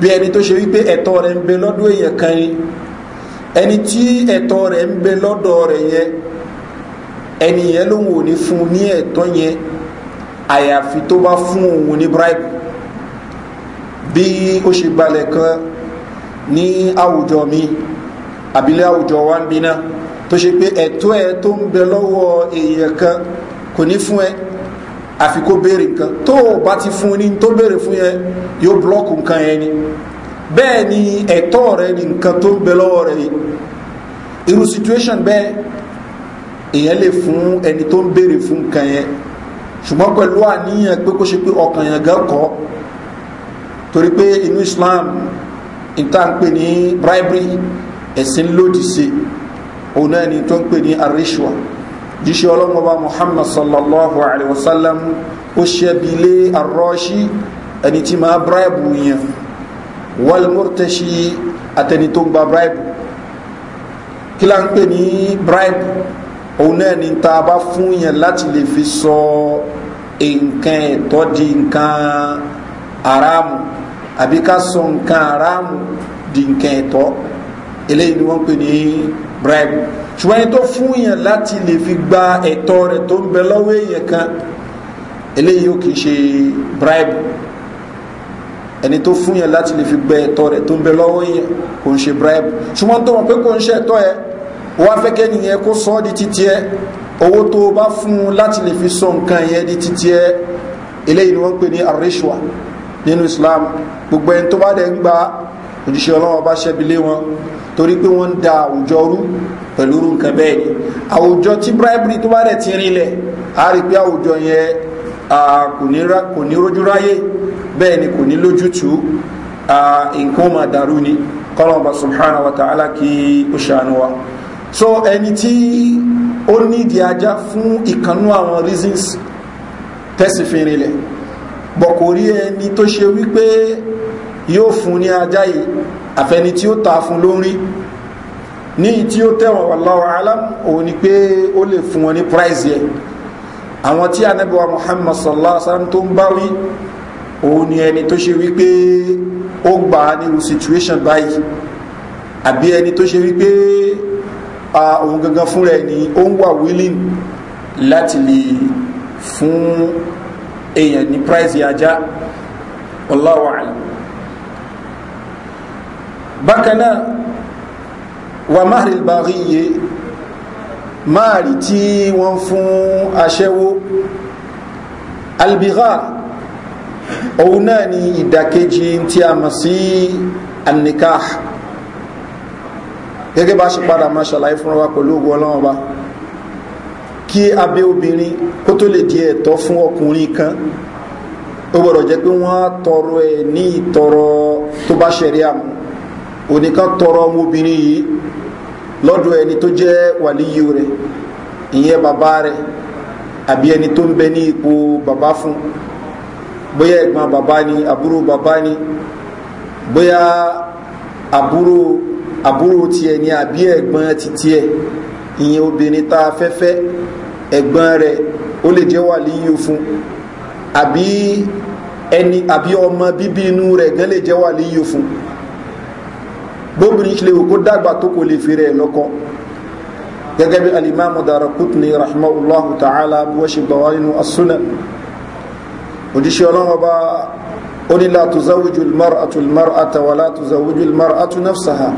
bí ẹni tó ṣe wípé ẹ̀tọ́ rẹ̀ ń bẹ lọ́dọ̀ èèyàn kan ni ẹni tí ẹ̀tọ́ rẹ̀ ń bẹ lọ́dọ̀ rẹ̀ yẹn ẹni yẹn ló ń ní fún ní ẹ̀tọ́ yẹn àyàfi tó bá fún òun ní bribe bí ó ṣe gbalẹ̀ kan ní àwùjọ mi àbílẹ̀ àwùjọ wa ń bínà tó ṣe pé ẹ̀tọ́ ẹ tó ń bẹ lọ́wọ́ èèyàn kan kò ní fún ẹ àfi béèrè nǹkan tó o bá ti fún ní tó béèrè fún yẹn yóò blọ́ọ̀kù nǹkan yẹn ni bẹ́ẹ̀ ni ẹ̀tọ́ rẹ ni nǹkan tó ń bẹ lọ́wọ́ rẹ yìí irú situation bẹ́ẹ̀ èèyàn lè fún ẹni tó ń béèrè fún nǹkan yẹn ṣùgbọ́n pẹ̀lú àníyàn pé kó ṣe pé ọkàn yẹn gan kọ́ torí pé inú Islam ìtànpé ní bribery ẹ̀sìn lòdì sí òun náà ni tó ń pè ní arishwa jíṣẹ́ ọlọ́mọba muhammad sallallahu alayhi wa sallam ó ṣẹbilé arọ́ṣí ẹni tí máa bribe yẹn walmurtashi àtẹni tó ń gba bribe kí la ń pè ní bribe òun náà tá a bá fún yẹn láti lè fi sọ nǹkan ẹ̀tọ́ di nǹkan aráàmù àbí ká sọ nǹkan aráàmù di nǹkan ẹ̀tọ́ eléyìí ni wọ́n pè ní bribe ṣùgbọ́n ẹni tó fún yàn láti lè fi gba ẹ̀tọ́ rẹ̀ tó ń bẹ lọ́wọ́ èèyàn kan eléyìí ó kìí ṣe bribe ẹni tó fún yàn láti lè fi gba ẹ̀tọ́ rẹ̀ tó ń bẹ lọ́wọ́ èèyàn kò ń ṣe bribe ṣùgbọ́n tó mọ̀ pé kò ń ṣe ẹ̀tọ́ ẹ wọ́n á fẹ́ kẹ́niyẹn kó sọ di títí ẹ owó tó o bá fún un láti fi sọ nǹkan yẹn di títí ẹ eléyìí ni wọ́n pè ní arishwa nínú islam gbogbo ẹni tó bá dẹ̀ ń gba òjíṣẹ́ ọlọ́wọ́ bá ṣẹ́bi lé wọn torí pé wọ́n ń da àwùjọ rú pẹ̀lú irú nǹkan bẹ́ẹ̀ ni àwùjọ tí bribery tó bá dẹ̀ ti rinlẹ̀ á rí pé àwùjọ yẹn kò ní rójú ráyè bẹ́ẹ̀ ni kò ní lójútùú nǹkan máa dàrú ni kọ́lọ́mọba subhana wa ta'ala kí ó ṣàánú wa so ẹni tí ó nídìí ajá fún ìkànnú àwọn reasons tẹ́sí fi rinlẹ̀ bọ̀kò rí ẹni tó ṣe wípé yóò fún ní ajá àfẹni tí ó ta fún lórí ní tí ó tẹ̀wọ̀n wallahu alam òun ni pé ó lè fún wọn ní price yẹ àwọn tí anábíwá muhammad sallallahu alaihi wasallam tó ń bá wí òun ni ẹni tó ṣe wípé ó gbà á nírú situation báyìí àbí ẹni tó ṣe wípé òun gangan fúnra ẹni ó ń wà willing láti lè fún èèyàn ní price yẹn ajá wallahu a'lam bákan náà wà máàrí ìbáwí yìí máàrí tí wọ́n fún aṣẹ́wó albighar òun náà ni ìdàkejì tí a mọ̀ sí annikah gẹ́gẹ́ bá wa pẹ̀lú ogun ọlọ́wọ́ bá kí abe obìnrin kó tó lè di ẹ̀tọ́ fún ọkùnrin kan ó gbọ́dọ̀ jẹ́ pé wọ́n tọrọ ẹ̀ ní ìtọrọ tó bá ṣẹ̀rí àmú onìkan tọrọ ọmọbìnrin yìí lọ́dọ̀ ẹni tó jẹ́ wàlíyù rẹ̀ ìyẹn bàbá rẹ̀ àbí ẹni tó ń bẹ ní ipò bàbá fún bóyá ẹ̀gbọ́n bàbá ni àbúrò bàbá ni bóyá àbúrò àbúrò tiẹ̀ ni àbí ẹ̀gbọ́n titiẹ̀ ìyẹn obìnrin tá a ẹ̀gbọ́n rẹ̀ ó lè jẹ́ wàlíyù fún àbí ẹni àbí ọmọ bíbí inú rẹ̀ gan lè jẹ́ wàlíyù fún bóbìnrin ṣe lè wò kó dàgbà tó kò lè fi rẹ̀ lọ́kọ́ gẹ́gẹ́ bí alimami darakutni rahimahullahu ta'ala bí wọ́n ṣe gbà wá nínú asúnà òjíṣẹ́ ọlọ́wọ́ bá oni la tuzawiju almar'atu almar'ata wa la tuzawiju almar'atu nafsaha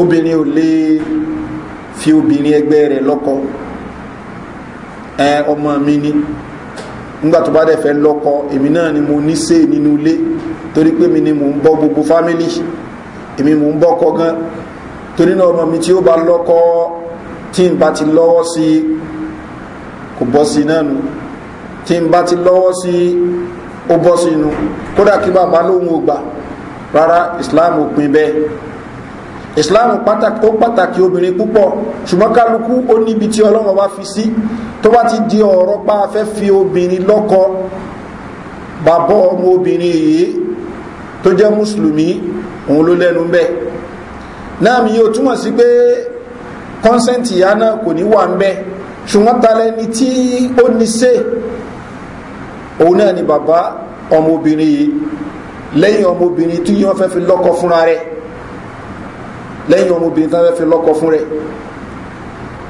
obìnrin ò lè fi obìnrin ẹgbẹ́ rẹ̀ lọ́kọ ẹ ọmọ mi ni nígbà tó bá dẹ̀ fẹ́ lọ́kọ èmi náà ni mo ní sè nínú ilé torí pé mi ni mò ń bọ́ gbogbo fámìlì èmi mò ń bọ́kọ gan torí náà ọmọ mi tí ó bá lọ́kọ tí n bá ti lọ́wọ́ sí kò bọ́ sí náà nu tí n bá ti lọ́wọ́ sí ó bọ́ sínú kódà kí bàbá lóhun ò gbà rárá islam ò pin bẹ́ẹ̀ islam ó pàtàkì obìnrin púpọ̀ ṣùgbọ́n kálukú ó níbi tí ọlọ́run fi sí. Si tó bá ti di ọ̀rọ̀ pa afẹ́ fi obìnrin lọ́kọ bàbá ọmọ obìnrin yìí tó jẹ́ mùsùlùmí òun ló lẹ́nu bẹ́ẹ̀ náà mi yóò túmọ̀ sí pé kọ́nsẹ́ntì ìyá náà kò ní wà ń bẹ́ ṣùgbọ́n ta lẹni tí ó ní sé òun náà ni bàbá ọmọbìnrin yìí lẹ́yìn ọmọbìnrin tí wọ́n fẹ́ fi lọ́kọ fúnra rẹ̀ lẹ́yìn ọmọbìnrin tí wọ́n fẹ́ fi lọ́kọ fún rẹ̀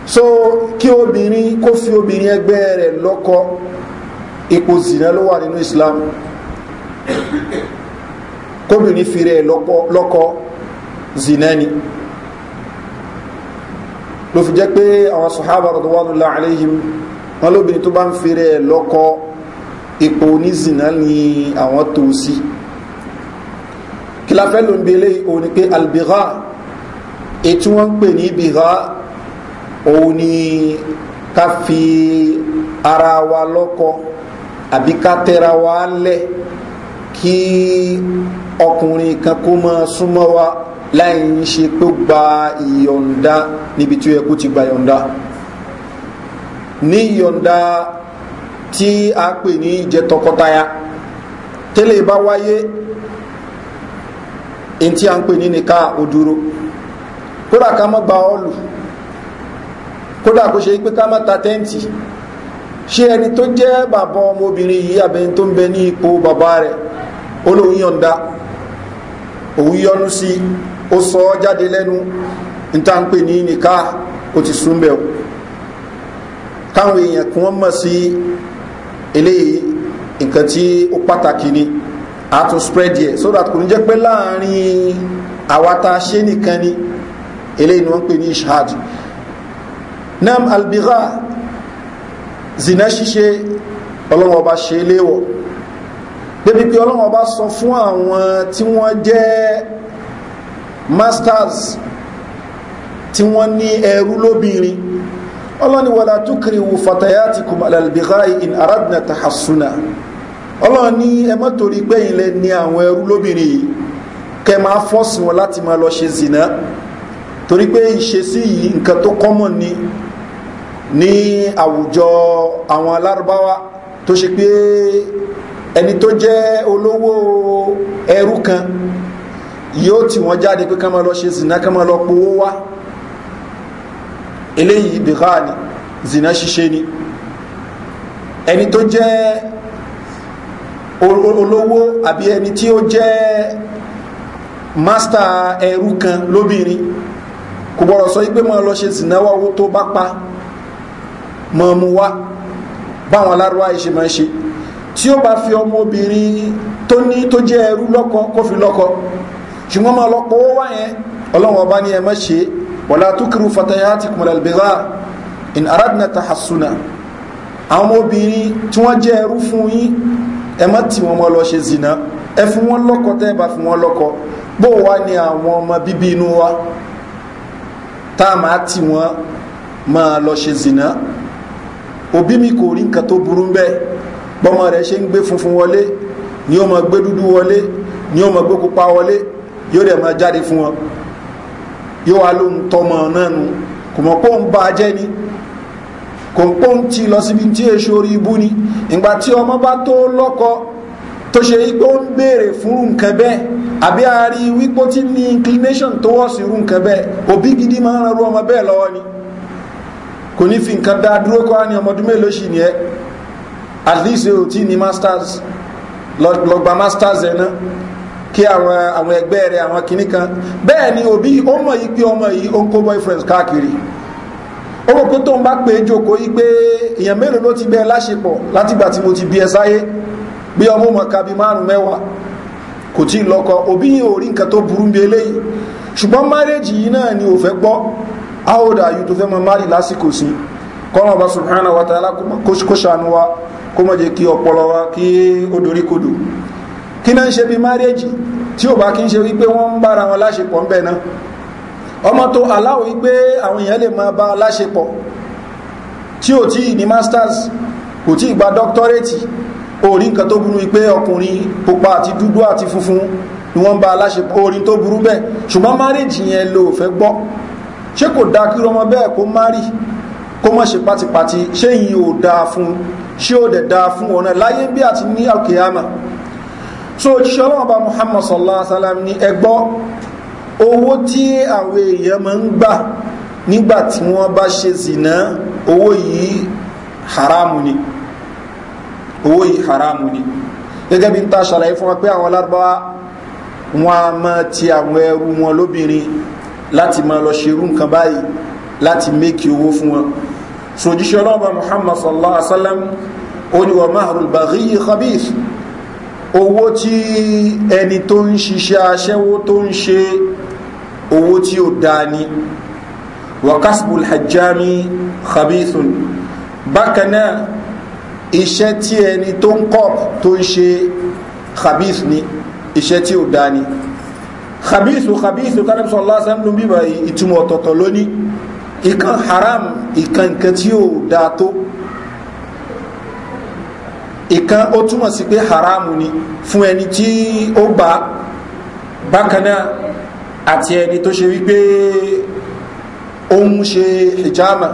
so kí obìnrin kó fi obìnrin ẹgbẹ́ rẹ̀ lọ́kọ ipò zìnà ló wà nínú islam kóbìnrin fi rẹ̀ lọ́kọ zìnà ni ló fi jẹ́ pé àwọn sọ̀hábà rọ̀dọ̀wọ́nulá aléhìm wọn lóbìnrin tó bá ń fi rẹ̀ lọ́kọ ipò onízìnà ni àwọn tó sí kí la fẹ́ ló ń belé òní pé albiga ètí wọ́n ń pè ní biga òun ni ká fi ara wa lọ́kọ àbí ká tẹra wa lẹ̀ kí ọkùnrin kan kó máa súnmọ́ wa láì ń ṣe pé gba ìyọ̀ǹda níbi tí ó yẹ kó ti gba ìyọ̀ǹda ní ìyọ̀ǹda tí a pè ní ìjẹ́ tọkọtaya tẹ́lẹ̀ bá wáyé in tí a ń pè ní nìka òdúró kódà ká mọ́ gba ọ́lù kódà kó ṣe pé ká má ta tẹ́ǹtì ṣé ẹni tó jẹ́ bàbá ọmọbìnrin yìí àbẹni tó ń bẹ ní ipò bàbá rẹ̀ olóhùn yọ̀ǹda òun yọnu sí ó sọ ọ́ jáde lẹ́nu níta ń pè ní nìka ó ti sún bẹ̀ káwọn èèyàn kí wọ́n mọ̀ sí eléyìí nǹkan tí ó pàtàkì ni a tún spread yẹ so that kò ní jẹ́ pé láàrin àwa tá a ṣe nìkan ni eléyìí ni wọ́n ń pè ní ishad nam albigha zina ṣíṣe ọlọ́wọ́ ọba ṣe léwọ̀ débi pé ọlọ́wọ́ ọba sọ fún àwọn tí wọ́n jẹ́ masters tí wọ́n ní ẹrú lóbìnrin ọlọ́ni wàlá túkìrì wù fàtàyàtì kùmàlà albigha in aradna tahassuna ọlọ́ni ẹ má torí pé ilẹ̀ ní àwọn ẹrú lóbìnrin yìí kẹ máa fọ́sùn wọn láti máa lọ ṣe zina torí pé ìṣesí yìí nǹkan tó kọ́mọ̀ ni ní àwùjọ àwọn alárúbáwá tó ṣe pé ẹni tó jẹ́ olówó ẹrú kan yóò tí wọ́n jáde pé ká lọ ṣe zina ká máa lọ powó wá eléyìí bìhá ni zina ṣiṣẹ́ ni ẹni tó jẹ́ olówó àbí ẹni tí ó jẹ́ mástà ẹrú kan lóbìnrin kò gbọ́dọ̀ sọ pé máa lọ ṣe zina wá tó bá pa mọ́ mu wá báwọn alárúwá yìí ṣe máa ń ṣe tí ó bá fi ọmọ obìnrin tó ní tó jẹ́ ẹrú lọ́kọ kó fi lọ́kọ ṣùgbọ́n máa lọ́pọ̀ owó wá yẹn ọlọ́run ọba ní ẹ má ṣe wọ̀lá tó kiri fatayá ti kùmọ̀lá ìbẹ̀rà in aradna tahasuna àwọn ọmọ obìnrin zina òbí mi kò rí nǹkan tó burú bẹ́ẹ̀ bọ́mọ rẹ̀ ṣe ń gbé funfun wọlé ni ó mọ gbé dúdú wọlé ni ó mọ gbé pupa wọlé yóò dẹ̀ mọ jáde fún wọn yóò wá ló ń tọmọ náà nu kò mọ̀ pé òun bá a jẹ́ ni kò ń pọ́n ti lọ síbi tí èso orí ibú ni ìgbà tí ọmọ bá tó lọ́kọ tó ṣe pé ó ń béèrè fún nǹkan bẹ́ẹ̀ àbí a rí wípé ó ti ní inclination towards irú nǹkan bẹ́ẹ̀ òbí gidi máa ń ran ọmọ bẹ́ẹ̀ lọ́wọ́ ni kò ní fi nǹkan dá dúró kọ́ ní ọmọdún mélòó sì ní ẹ at least o ti ní masters lọ masters ẹ ná kí àwọn àwọn ẹgbẹ́ rẹ àwọn kinní kan bẹ́ẹ̀ ni òbí ó mọ̀ yìí pé ọmọ yìí ó ń kó boyfriend káàkiri ó rò pé tó ń bá pé jókòó yìí pé èèyàn mélòó ló ti bẹ́ẹ̀ láṣepọ̀ látìgbà tí mo ti bí ẹ sáyé bí ọmọ mọ̀ ká bí márùn mẹ́wàá kò tí ì lọ́kọ òbí yìí ò rí nǹkan tó burú bí eléyìí ṣùgbọ́n márẹ́jì yìí náà ni ò fẹ́ gbọ́ how old are you tó fẹ́ mọ mari lásìkò sí kọ́nà ọba subhanahu wa ta'ala kó ṣàánú wa kó mọ̀ jẹ́ kí ọpọlọ wa kí ó dorí kodò kí náà ń ṣe bí márẹ́jì tí ò bá kí ń ṣe wípé wọ́n ń bára wọn láṣepọ̀ ń bẹ̀ náà ọmọ tó aláwọ̀ wípé àwọn èèyàn lè máa bá láṣepọ̀ tí ò tí ì ní masters kò tí ì gba doctorate orí nǹkan tó burú wípé ọkùnrin pupa àti dúdú àti funfun ni wọ́n ń bá láṣepọ̀ orin tó burú bẹ́ẹ̀ ṣùgbọ́n márẹ́jì yẹn ló fẹ́ gbọ́ ṣé kò dáa kí ọmọ bẹ́ẹ̀ kó má rí kó mọ̀ ṣe pátipàti ṣé yìí ò dáa fún ṣé ò dẹ̀ dáa fún ọ̀nà láyé bí àti ní alkiyama so òjíṣẹ́ ọlọ́run ọba muhammad sallallahu alaihi wasallam ní ẹgbọ́ owó tí àwọn èèyàn máa ń gbà nígbà tí wọ́n bá ṣe zìnà owó yìí haramu ni owó yìí haramu ni gẹ́gẹ́ bí n ta ṣàlàyé fún wa pé àwọn lárúbáwá wọn a máa ti àwọn ẹrú wọn lóbìnrin láti máa lọ ṣerú nǹkan báyìí láti méèkì owó fún wọn sòjíṣẹ́ ọlọ́ọ̀bà muhammad sallallahu alaihi wa sallam ó ní wọ́n mahrul baghiyi khabith owó tí ẹni tó ń ṣiṣẹ́ aṣẹ́wó tó ń ṣe owó tí ó dáa ni wakasbul hajjami khabithun bákan náà iṣẹ́ tí ẹni tó ń kọ́ tó ń ṣe khabith ni iṣẹ́ tí ó dáa ni khabisu khabisu kánà sọ lásán ló bíbá ìtumọ̀ ọ̀tọ̀ọ̀tọ̀ lóní ìkan haram ìkan nǹkan tí yóò dáa tó ìkan ó túmọ̀ sí pé haram ni fún ẹni tí ó bá bákan náà àti ẹni tó ṣe wípé ó ń hijama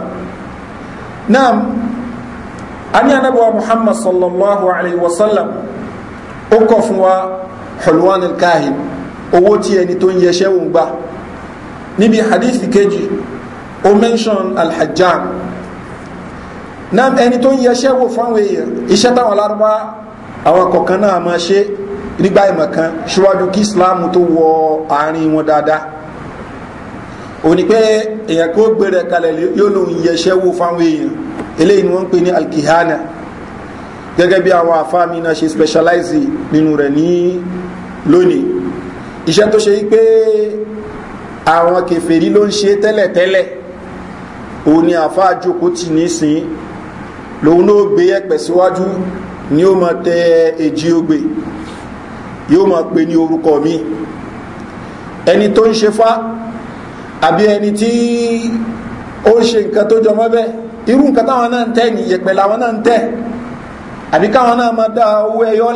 náà a ní anábọ̀wá muhammad sallallahu alaihi wasallam ó kọ̀ fún wa hulwan al-kahin owó tí ẹni tó ń yẹṣẹ́ òun gbà níbi hadith kejì ó mention alhajjam náà ẹni tó ń yẹṣẹ́ wò fáwọn èèyàn iṣẹ́ táwọn lárúbá àwọn kọ̀ọ̀kan náà máa ṣe nígbà ìmọ̀kan ṣíwájú kí islam tó wọ àárín wọn dáadáa ó pé èèyàn kó gbé rẹ̀ kalẹ̀ yóò lòun yẹṣẹ́ wò fáwọn èèyàn eléyìí ni wọ́n ń pè ní alkihana gẹ́gẹ́ bí àwọn àfáà mi náà ṣe specialize nínú rẹ̀ ní lónìí iṣẹ́ tó ṣe pé àwọn kèfèrí ló ń ṣe tẹ́lẹ̀tẹ́lẹ̀ òun ni àfáà jókòó tì nísìn lòun ló gbé ẹ̀pẹ̀ síwájú ni ó mọ tẹ èjì ogbè yóò mọ pe ní orúkọ mi ẹni tó ń ṣe fá àbí ẹni tí ó ṣe nǹkan tó jọmọ́ bẹ́ẹ̀ irú nǹkan táwọn náà ń tẹ́ ni yẹ̀pẹ̀ làwọn náà ń tẹ́ àbí káwọn náà máa dá owó ẹyọ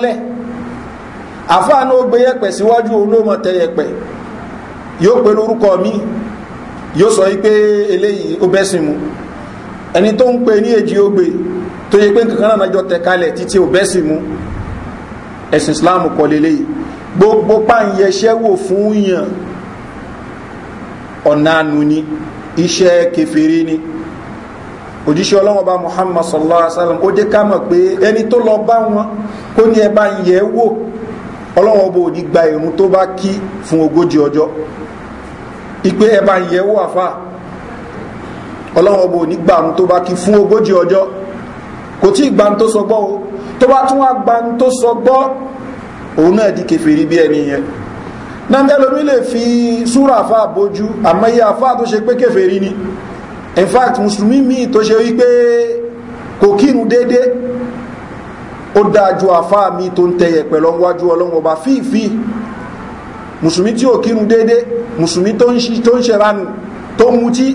àfáàní ó gbé yẹ̀pẹ̀ síwájú olóòmọ̀ tẹ yẹ̀pẹ̀ yóò pe lórúkọ mi yóò sọ wípé eléyìí ó bẹ́sìn mu ẹni tó ń pe ní èjì ogbe gbé tó yẹ pé nǹkan náà nájọ tẹ kalẹ̀ títí ó bẹ́sìn ẹ̀sìn islam kọ leléyìí gbogbo páńyẹsẹ́ wò fún yàn ni iṣẹ́ kẹfẹ́rẹ́ ni òjíṣẹ́ ọlọ́wọ́n muhammadu sallallahu alaihi wa sallam ó ká mọ̀ pé ẹni tó lọ bá ọlọ́wọ́n bò ní gba ìrún tó bá kí fún ogójì ọjọ́ ipe ẹ bá ń yẹwò àfà ọlọ́wọ́n bò ní gba ìrún tó bá kí fún ogójì ọjọ́ kò tí ìgbà tó sọ gbọ́ o tó bá tún wá gba tó sọ gbọ́ òun náà di kẹfìrí bí ẹni yẹn nàndẹ́lómi lè fi súra àfà bójú àmọ́ iye tó ṣe pé kẹfìrí ni in fact mùsùlùmí míì tó ṣe wípé kò kírun déédéé ó dájú àfá mi tó ń tẹyẹ pẹ̀lọ wájú ọlọ́wọ́ bá fífí mùsùlùmí tí ò kírun dédé mùsùlùmí tó ń ṣẹ̀ránù tó mutí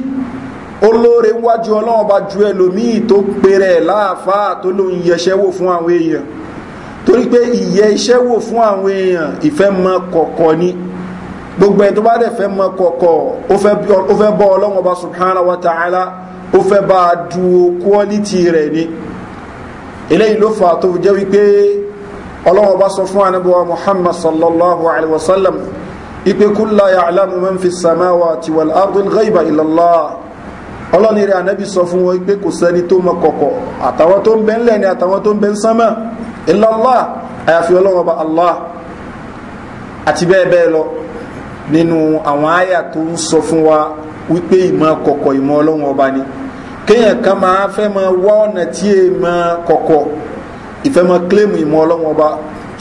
olóore wájú ọlọ́wọ́ bá ju ẹlòmíì tó pèrè láàfá tó ló ń yẹṣẹ́ wò fún àwọn èèyàn torí pé ìyẹ iṣẹ́ wò fún àwọn èèyàn ìfẹ́ mọ kọ̀kọ̀ ni gbogbo ẹ̀ tó bá dẹ̀ fẹ́ mọ kọ̀kọ̀ ó fẹ́ bọ́ ọlọ́wọ́ bá subhanahu wa ta'ala ó fẹ́ bá a du quality rẹ̀ ni eléyìí ló fà tó fi jẹ́ wípé ọlọ́wọ́ bá sọ fún anábọ́wá muhammad sallallahu alaihi wasallam ipe kúlá ya'lamu man fi samawa ti wal ardul ghaiba ilallah ọlọ́ni rẹ̀ anábì sọ fún wọn pé kò sẹ́ni tó mọ kọ̀kọ̀ àtàwọn tó ń bẹ ńlẹ̀ ni àtàwọn tó ń bẹ ń sánmà ilallah àyàfi ọlọ́wọ́ bá allah àti bẹ́ẹ̀ bẹ́ẹ̀ lọ nínú àwọn àyà tó ń sọ fún wa wípé ìmọ̀ kọ̀kọ̀ ìmọ̀ ọlọ́wọ́ ọba ni kéèyàn kan máa fẹ́ máa wá ọ̀nà tí è máa kọ̀kọ̀ ìfẹ́ máa kílèmù ìmọ̀ ọlọ́wọ́n ọba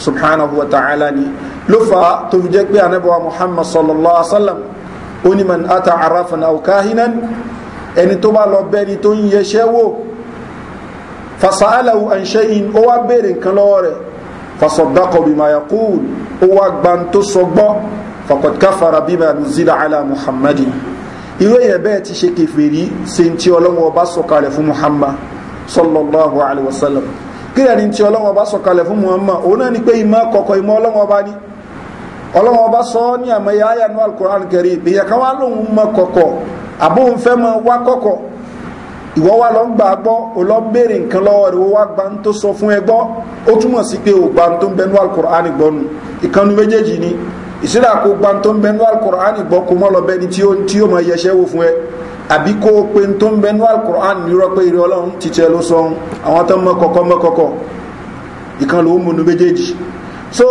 subhanahu wa ta'ala ni ló fa tó fi jẹ́ pé anábọ̀wá muhammad sallallahu alaihi wa sallam ó ní man ata arafan aukahinan ẹni tó bá lọ bẹ́ni tó ń yẹṣẹ́ wò fasa'alahu an shay'in ó wá béèrè nǹkan lọ́wọ́ rẹ̀ fasọ̀dákọ̀ bí máa yaqul ó wá gbantó sọgbọ́ faqad kafara bima nuzila ala muhammadin irú èèyàn bẹ́ẹ̀ ti ṣe si ṣe ń tí ọlọ́wọ́ ọba sọ̀kalẹ̀ fún muhammad sallallahu alaihi wasallam kí rẹ̀ ní tí ọlọ́wọ́ ọba sọ̀kalẹ̀ fún muhammad òun náà ni pé kọ̀kọ̀ ọlọ́wọ́ ọba ní ọlọ́wọ́ ọba sọ ní ya ayà ní alukoran kẹrì ìṣẹ́dá kó gba tó ń bẹnú alukur'ani gbọ́ kó mọ́ lọ bẹ́ ni tí ó mọ yẹsẹ́ wò fún ẹ àbí kó o pe tó ń bẹnú pé ìrẹ́ ọlọ́run ti tẹ ló sọ àwọn tó mọ kọ́kọ́ mọ kọ́kọ́ ìkan ló ń múnú méjèèjì so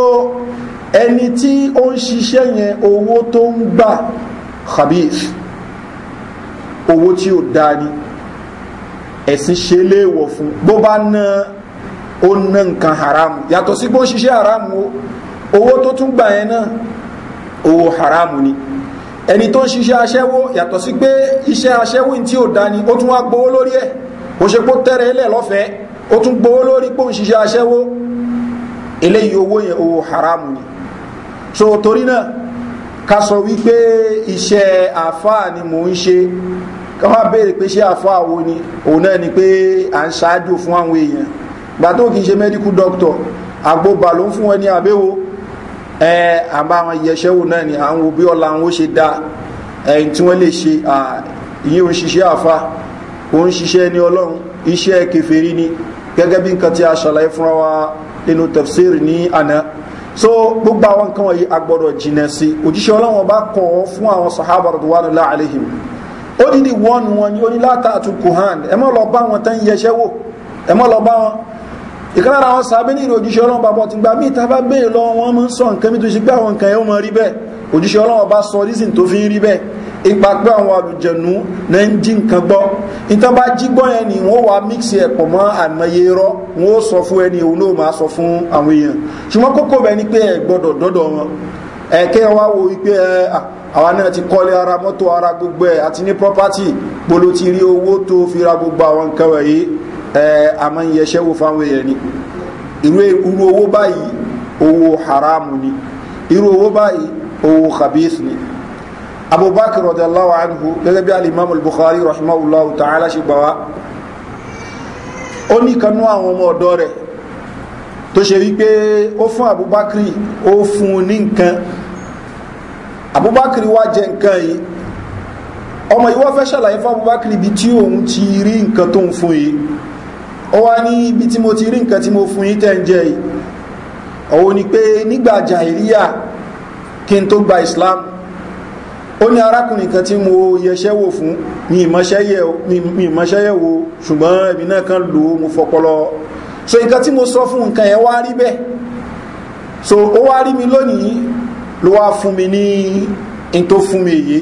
ẹni tí ó ń ṣiṣẹ́ yẹn owó tó ń gbà khabith owó tí ó dáa ni ẹ̀sìn ṣe léèwọ̀ fún bó bá ná ó ná nǹkan haram yàtọ̀ sí pé ń ṣiṣẹ́ haram o owó tó tún gbà yẹn náà owó haramu ni ẹni tó ń ṣiṣẹ́ aṣẹ́wó yàtọ̀ sí pé iṣẹ́ aṣẹ́wó tí ò dání ó tún wá gbowó lórí ẹ̀ ó ṣe pó tẹ́rẹ ilẹ̀ lọ́fẹ̀ẹ́ ó tún gbowó lórí pó ń ṣiṣẹ́ aṣẹ́wó eléyìí owó yẹn owó haramu ni so torí náà ká sọ wípé iṣẹ́ àfáà ni mò ń ṣe ká wá béèrè pé ṣé àfáà wo ni òun náà ni pé à ń ṣáájú fún àwọn èèyàn gbà tó kì í ṣe medical doctor àgbóbalò ń fún ẹ ní àbẹ́wò ẹ àbá àwọn yẹsẹ́wò náà ni àwọn òbí ọ̀la wọn ó ṣe dá ẹ̀yìn tí wọ́n lè ṣe ìyí ò ń ṣiṣẹ́ àfa ò ń ṣiṣẹ́ ní ọlọ́run iṣẹ́ kẹfẹ́rí ni gẹ́gẹ́ bí nǹkan tí a ṣàlàyé fúnra wa nínú tafsir ní àná so gbogbo àwọn nǹkan wọ̀nyí a gbọ́dọ̀ jìnà sí òjíṣẹ́ ọlọ́run ọba kọ̀ ọ́ fún àwọn sahaba rẹ̀dùwánu láàlẹ́hìm ó dídì wọ́n wọn ni ó ní látàtù kuhan ẹ mọ́ lọ bá wọn tán yẹsẹ́wò ẹ mọ́ lọ bá wọn ìkálára àwọn sàábé ní ìròjíṣẹ́ ọlọ́run bàbọ̀ ti gbà mí ìtafà bèèrè lọ wọn mú sọ nǹkan mi tó ṣe pé àwọn nǹkan ẹ̀ ó rí bẹ́ẹ̀ òjíṣẹ́ ọlọ́run bá sọ rísìn tó fi ń rí bẹ́ẹ̀ ipa pé àwọn àlùjẹ̀nú ní ń jí nǹkan gbọ́ ìtàn bá jí gbọ́ yẹn ni wọ́n wá mixi ẹ̀pọ̀ mọ́ àmọye rọ́ wọ́n ó sọ fún ẹni òun ló máa sọ fún àwọn èèyàn ṣùgbọ́n kókó bẹ́ẹ̀ ni pé ẹ̀ gbọ́dọ̀ dọ́dọ̀ wọn ẹ̀kẹ́ wa wo wípé ẹ àwa náà ti kọ́lé ara mọ́tò ara gbogbo ẹ̀ àti ní property polo ti rí owó tó fi ra gbogbo àwọn nǹkan wọ̀nyí a máa ń yẹṣẹ́ wò fáwọn èèyàn ni irú e, owó báyìí owó haramu ni irú owó báyìí owó khabith ni abubakar radiyallahu anhu gẹ́gẹ́ bí alimami al-bukhari rahimahullahu ta'ala ṣe gbà wá ó ní kanú àwọn ọmọ ọ̀dọ́ rẹ̀ tó ṣe wípé ó fún abubakar ó fún ní nǹkan abubakar wá jẹ nǹkan yìí ọmọ yìí wọ́n fẹ́ ṣàlàyé fún abubakar ibi tí òun ti rí nǹkan tó ń fún yìí ó wá ní ibi tí mo ti rí nǹkan tí mo fún yín tẹ́ yìí òun ni pé nígbà jàìríyà kí n tó gba islam ó ní arákùnrin kan tí mo yẹṣẹ́ wò fún mi ìmọ̀ṣẹ́ yẹ̀ wò ṣùgbọ́n ẹ̀mí náà kan lò ó mo fọpọlọ so nǹkan tí mo sọ fún nǹkan yẹn wá rí bẹ́ẹ̀ so ó wá rí mi lónìí ló wá fún mi ní n tó fún mi èyí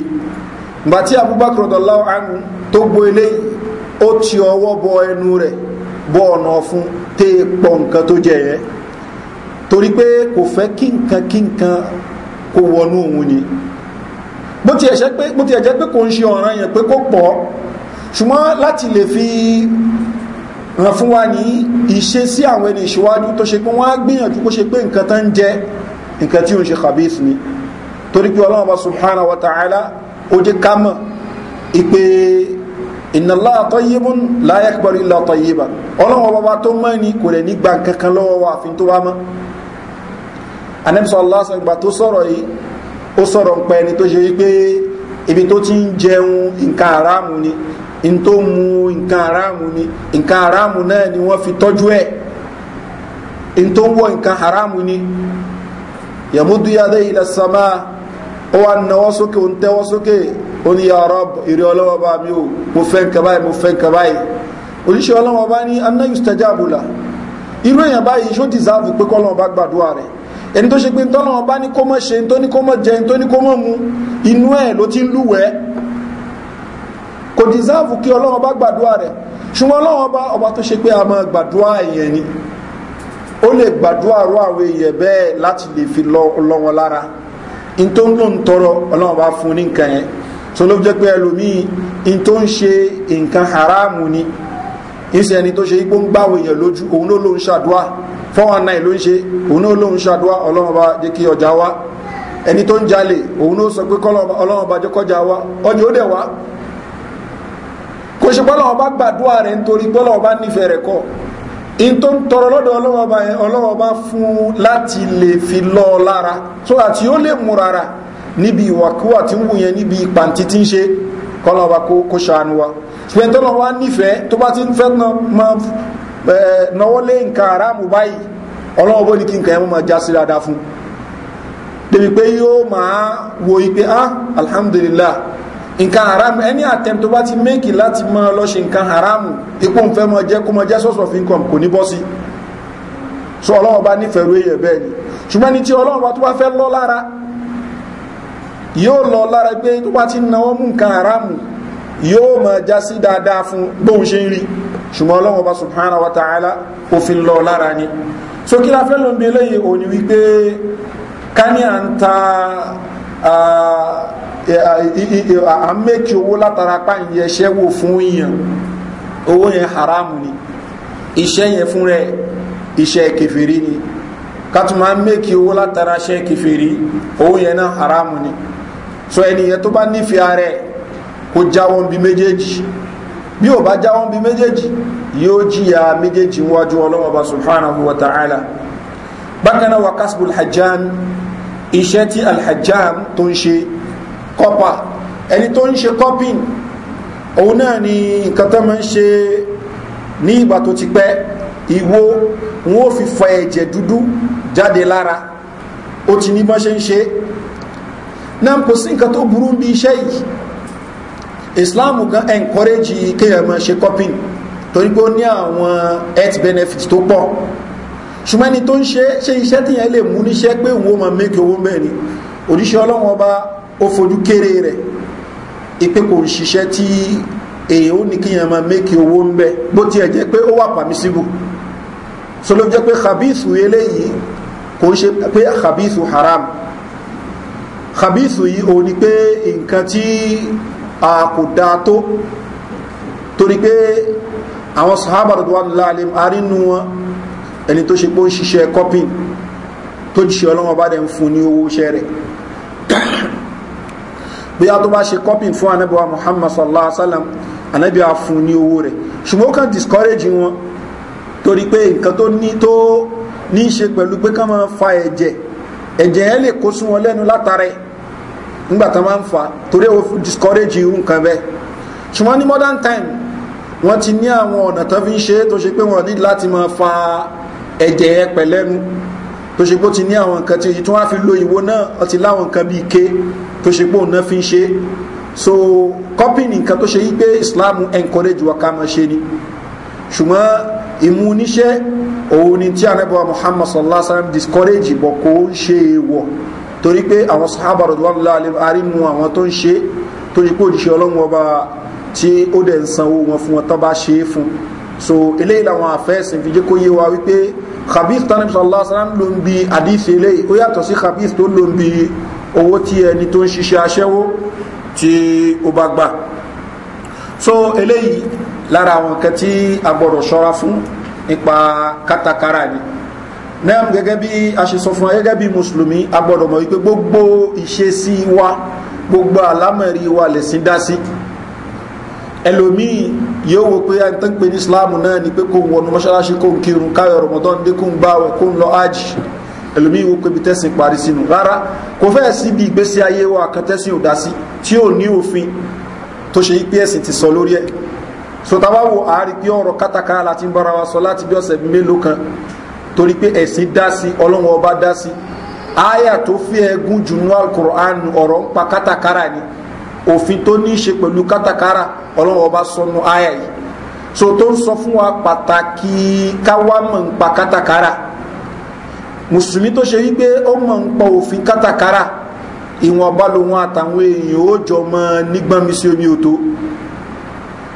gbàtí abubakar dọ̀láwọ̀ ánú tó gbó eléyìí ó ti ọwọ́ bọ ẹnu rẹ̀ bọ́ ọ̀nà ọ̀fun tẹ́ ẹ pọ̀ nǹkan tó jẹ yẹn torí pé kò fẹ́ kí nǹkan kí nǹkan kó wọnú òun ni bó ti ẹ̀ jẹ́ pé kò ń ṣe ọ̀ràn yẹn pé kó pọ̀ ṣùgbọ́n láti lè fi ràn fún wa ní ìṣe sí àwọn ẹni ìṣíwájú tó ṣe pé wọ́n á gbìyànjú kó ṣe pé nǹkan tán jẹ́ nǹkan tí ó ń ṣe khabith ni torí pé ọlọ́run bá subhanahu wa ta'ala ó jẹ́ ká mọ̀ ìpè ìnàlá tọ́yébùn láyé gbọ́rí lọ tọ́yébà ọlọ́wọ́ bàbá tó mọ́ ni kò lè ní gbà kankan lọ́wọ́ wa àfin tó wá mọ́ anẹ́bísọ̀ lásán gbà tó sọ̀rọ̀ yìí ó sọ̀rọ̀ pẹ́ ni tó ṣe wípé ibi tó ti ń jẹun nǹkan aráàmù ni in tó mu nǹkan aráàmù ni nǹkan aráàmù náà ni wọ́n fi tọ́jú ẹ̀ in tó ń wọ nǹkan ni yàmúdúyàdé ilẹ̀ sàmà ó wà náwọ́ sókè ó ń ó ní ya Rabb ìrẹ́ ọlọ́wọ́ bá mi ò mo fẹ́ nǹkan báyìí mo fẹ́ nǹkan báyìí oníṣẹ́ ọlọ́wọ́ bá ní anna yustajabu la irú èèyàn báyìí ṣó dìsáàfù pé kọ́lọ́wọ́ bá gbàdúrà rẹ̀ ẹni tó ṣe pé tọ́lọ́wọ́ bá ní kó mọ́ ṣe tó kó mọ́ jẹ tó kó mọ́ mu inú ẹ̀ ló ti ń lúwẹ̀ẹ́ kò dìsáàfù kí ọlọ́wọ́ bá gbàdúrà rẹ̀ ṣùgbọ́n ọlọ́wọ́ bá ọba tó ṣe pé a máa gbàdúrà èèyàn ni ó lè gbàdúrà rú àwọn èèyàn bẹ́ẹ̀ láti lè fi lọ lára in tó ń tọrọ ọlọ́wọ́ bá fún ní nǹkan yẹn so ló jẹ́ pé ẹlòmíì in tó ń ṣe nǹkan haramu ni ìsìn ẹni tó ṣe ipò ń gbáwò èèyàn lójú òun ló ló ń ṣàdúà fọ́wọ́n náà ló ń ṣe òun ló ló ń ṣàdúà ọlọ́mọba jẹ́ kí ọjà wá ẹni tó ń jalè òun ló sọ pé ọlọ́mọba jẹ́ kọjá wá ọjọ́ dẹ̀ wá kò ṣe pọ́lọ́mọba gbàdúà rẹ̀ nítorí pọ́lọ́mọba nífẹ̀ẹ́ rẹ̀ kọ́ in tó ń tọrọ lọ́dọ̀ ọlọ́mọba fún láti lè fi lọ́ lára so àti ó lè mú rárá níbi ìwàkúwà tí ń wù yẹn níbi ìpàǹtí tí ń ṣe kọ́lọ́ba kó ṣàánú wa ṣùgbọ́n tọ́lọ́ wa nífẹ̀ẹ́ tó bá ti ń fẹ́ náwó lé nǹkan aráàmù báyìí ọlọ́wọ́ bó ní kí nǹkan ẹmú ma já dáadáa fún débi pé yóò máa wo ipé ah alhamdulillah nǹkan haram ẹni attempt tó bá ti méèkì láti máa lọ ṣe nǹkan haram ipò ń fẹ́ mọ jẹ́ kó mọ jẹ́ source of income kò ní bọ́ sí so ọlọ́wọ́ bá nífẹ̀ẹ́ rú èyẹ bẹ́ẹ̀ ni ṣùgbọ́n ní tí ọlọ́wọ́ bá tó bá fẹ́ lọ lára yóò lọ lára pé tó bá ti náwó mú nǹkan aráàmù yóò máa já sí dáadáa fún bóun ṣe ń rí ṣùgbọ́n ọlọ́run ọba subhanahu wa ta'ala òfin lọ lára ni so kí la fẹ́ ló ń bi eléyìí ò ní wípé ká ní à ń ta à ń mẹ́kì owó látara pa ìyẹn ẹṣẹ́ wò fún yàn owó yẹn haramu ni iṣẹ́ yẹn fún rẹ̀ iṣẹ́ kẹfìrí ni ká tún máa ń mẹ́kì owó látara iṣẹ́ kẹfìrí owó yẹn náà haramu ni so ẹnìyẹn tó bá nífẹ̀ẹ́ ara ẹ̀ kó jáwọ́ bí méjèèjì bí ò bá jáwọ́ bí méjèèjì yóò jìyà méjèèjì wájú ọlọ́mọba subhanahu wa ta'ala bákan náà wa kasbul iṣẹ́ tí alhajjam tó ń ṣe kọ́pà ẹni tó ń ṣe kọ́pìn òun náà ni nǹkan tó máa ń ṣe ní ìgbà tó ti pẹ́ ìwo wọn ò fi fa ẹ̀jẹ̀ dúdú jáde lára ó ti ní bọ́n ṣe ń ṣe é náà kò sí nǹkan tó burú bí iṣẹ́ yìí islam gan encourage kéèyàn ṣe copying torí pé ó ní àwọn health benefits tó pọ̀ ṣùgbọ́n ẹni tó ń ṣe ṣe iṣẹ́ tí yẹn lè mú níṣẹ́ pé òun ó máa make owó mẹ́rin òdíṣẹ́ ọlọ́run ọba ó fojú kéré rẹ̀ ipe kò ń ṣiṣẹ́ tí èèyàn ó ní kíyàn máa make owó ń bẹ́ bó tiẹ̀ jẹ́ pé ó wà pàmísíbù so ló jẹ́ pé khabithu eléyìí kò ń ṣe pé khabithu haram khabithu yìí o ni pé nǹkan tí a kò dá tó torí pé àwọn sahaba rẹ̀ wà láàrin arínú wọn ẹni tó ṣe pé ó ń ṣiṣẹ́ copying tó jíṣẹ́ ọlọ́wọ́ bá dẹ̀ ń fún ní owó iṣẹ́ rẹ̀ bí a tó bá ṣe copying fún anábíwá muhammad sallallahu alaihi wasallam anábíwá fún ní owó rẹ̀ ṣùgbọ́n ó kàn discourage wọn torí pé nǹkan tó ní tó ní ṣe pẹ̀lú pé ká máa fa ẹ̀jẹ̀ ẹ̀jẹ̀ yẹn lè kó sún wọn lẹ́nu látara nígbà tá máa ń fa torí ó discourage irú nǹkan bẹ́ẹ̀ ṣùgbọ́n ní modern time wọ́n ti ní àwọn ọ̀nà tó fi ń ṣe tó ṣe pé wọ́n ní láti máa fa ẹ̀jẹ̀ yẹn pẹ̀lẹ́nu tó ṣe pé ó ti ní àwọn nǹkan tí wọ́n á fi lo ìwo náà ó ti láwọn nǹkan bíi ike tó ṣe pé òun náà fi ń ṣe so copying nǹkan tó ṣe yí pé Islam encourage wa ká máa ṣe ni ṣùgbọ́n ìmú níṣẹ́ òun ni tí anábọ̀ muhammad sallallahu discourage bọ̀ kò ń ṣe èèwọ̀ torí pé àwọn sahaba radhiyallahu anhum arínú àwọn tó ń ṣe tó ní pé òjíṣẹ́ ọlọ́run tí ó dẹ̀ ń sanwó wọn fún wọn tán bá ṣe é fún so eléyìí làwọn àfẹ́sìn fi jẹ́ kó yé wa wípé khabith tanabi sallallahu alaihi wasallam ló ń bi àdìsí eléyìí ó yàtọ̀ sí khabith tó so eléyìí lára àwọn nǹkan tí a gbọ́dọ̀ ṣọ́ra fún nípa kátàkárà ni náà gẹ́gẹ́ bí a ṣe sọ fún wa gẹ́gẹ́ bí mùsùlùmí a gbọ́dọ̀ mọ̀ wípé gbogbo ìṣesí wa gbogbo àlámọ̀rí wa lè sí dá sí ẹlòmíì yóò wo pé ẹni tó ń pè ní islamu náà ni pé kò ń wọnú mọ́ṣáláṣí kò ń kírun káyọ̀ rọmọdán dé kò ń gbáwẹ̀ kò ń lọ ájì ẹlòmíì wo pé bí tẹ́sìn parí sínú rárá kò fẹ́ sí bí ìgbésí ayé wa kan tẹ́sìn ò dá sí tí ò ní òfin tó ṣe yí pé ẹ̀sìn ti sọ lórí ẹ̀ sotabawo àárí pé ọ̀rọ̀ kátàkárà láti ń bára wa sọ láti kan torí pé ẹ̀sìn dá sí ọlọ́run ọba aya tó fi ẹgún jù nínú alukur'an ọ̀rọ̀ ń pa ni òfin tó ní í ṣe pẹ̀lú kátàkárà ọlọ́run ọba sọnù aya yìí so tó ń sọ fún wa pàtàkì káwá mọ̀ ń pa kátàkárà mùsùlùmí tó ṣe wípé ó mọ̀ òfin kátàkárà ìwọ̀nba lòun àtàwọn èèyàn ó jọ mọ nígbàmísí omi òtó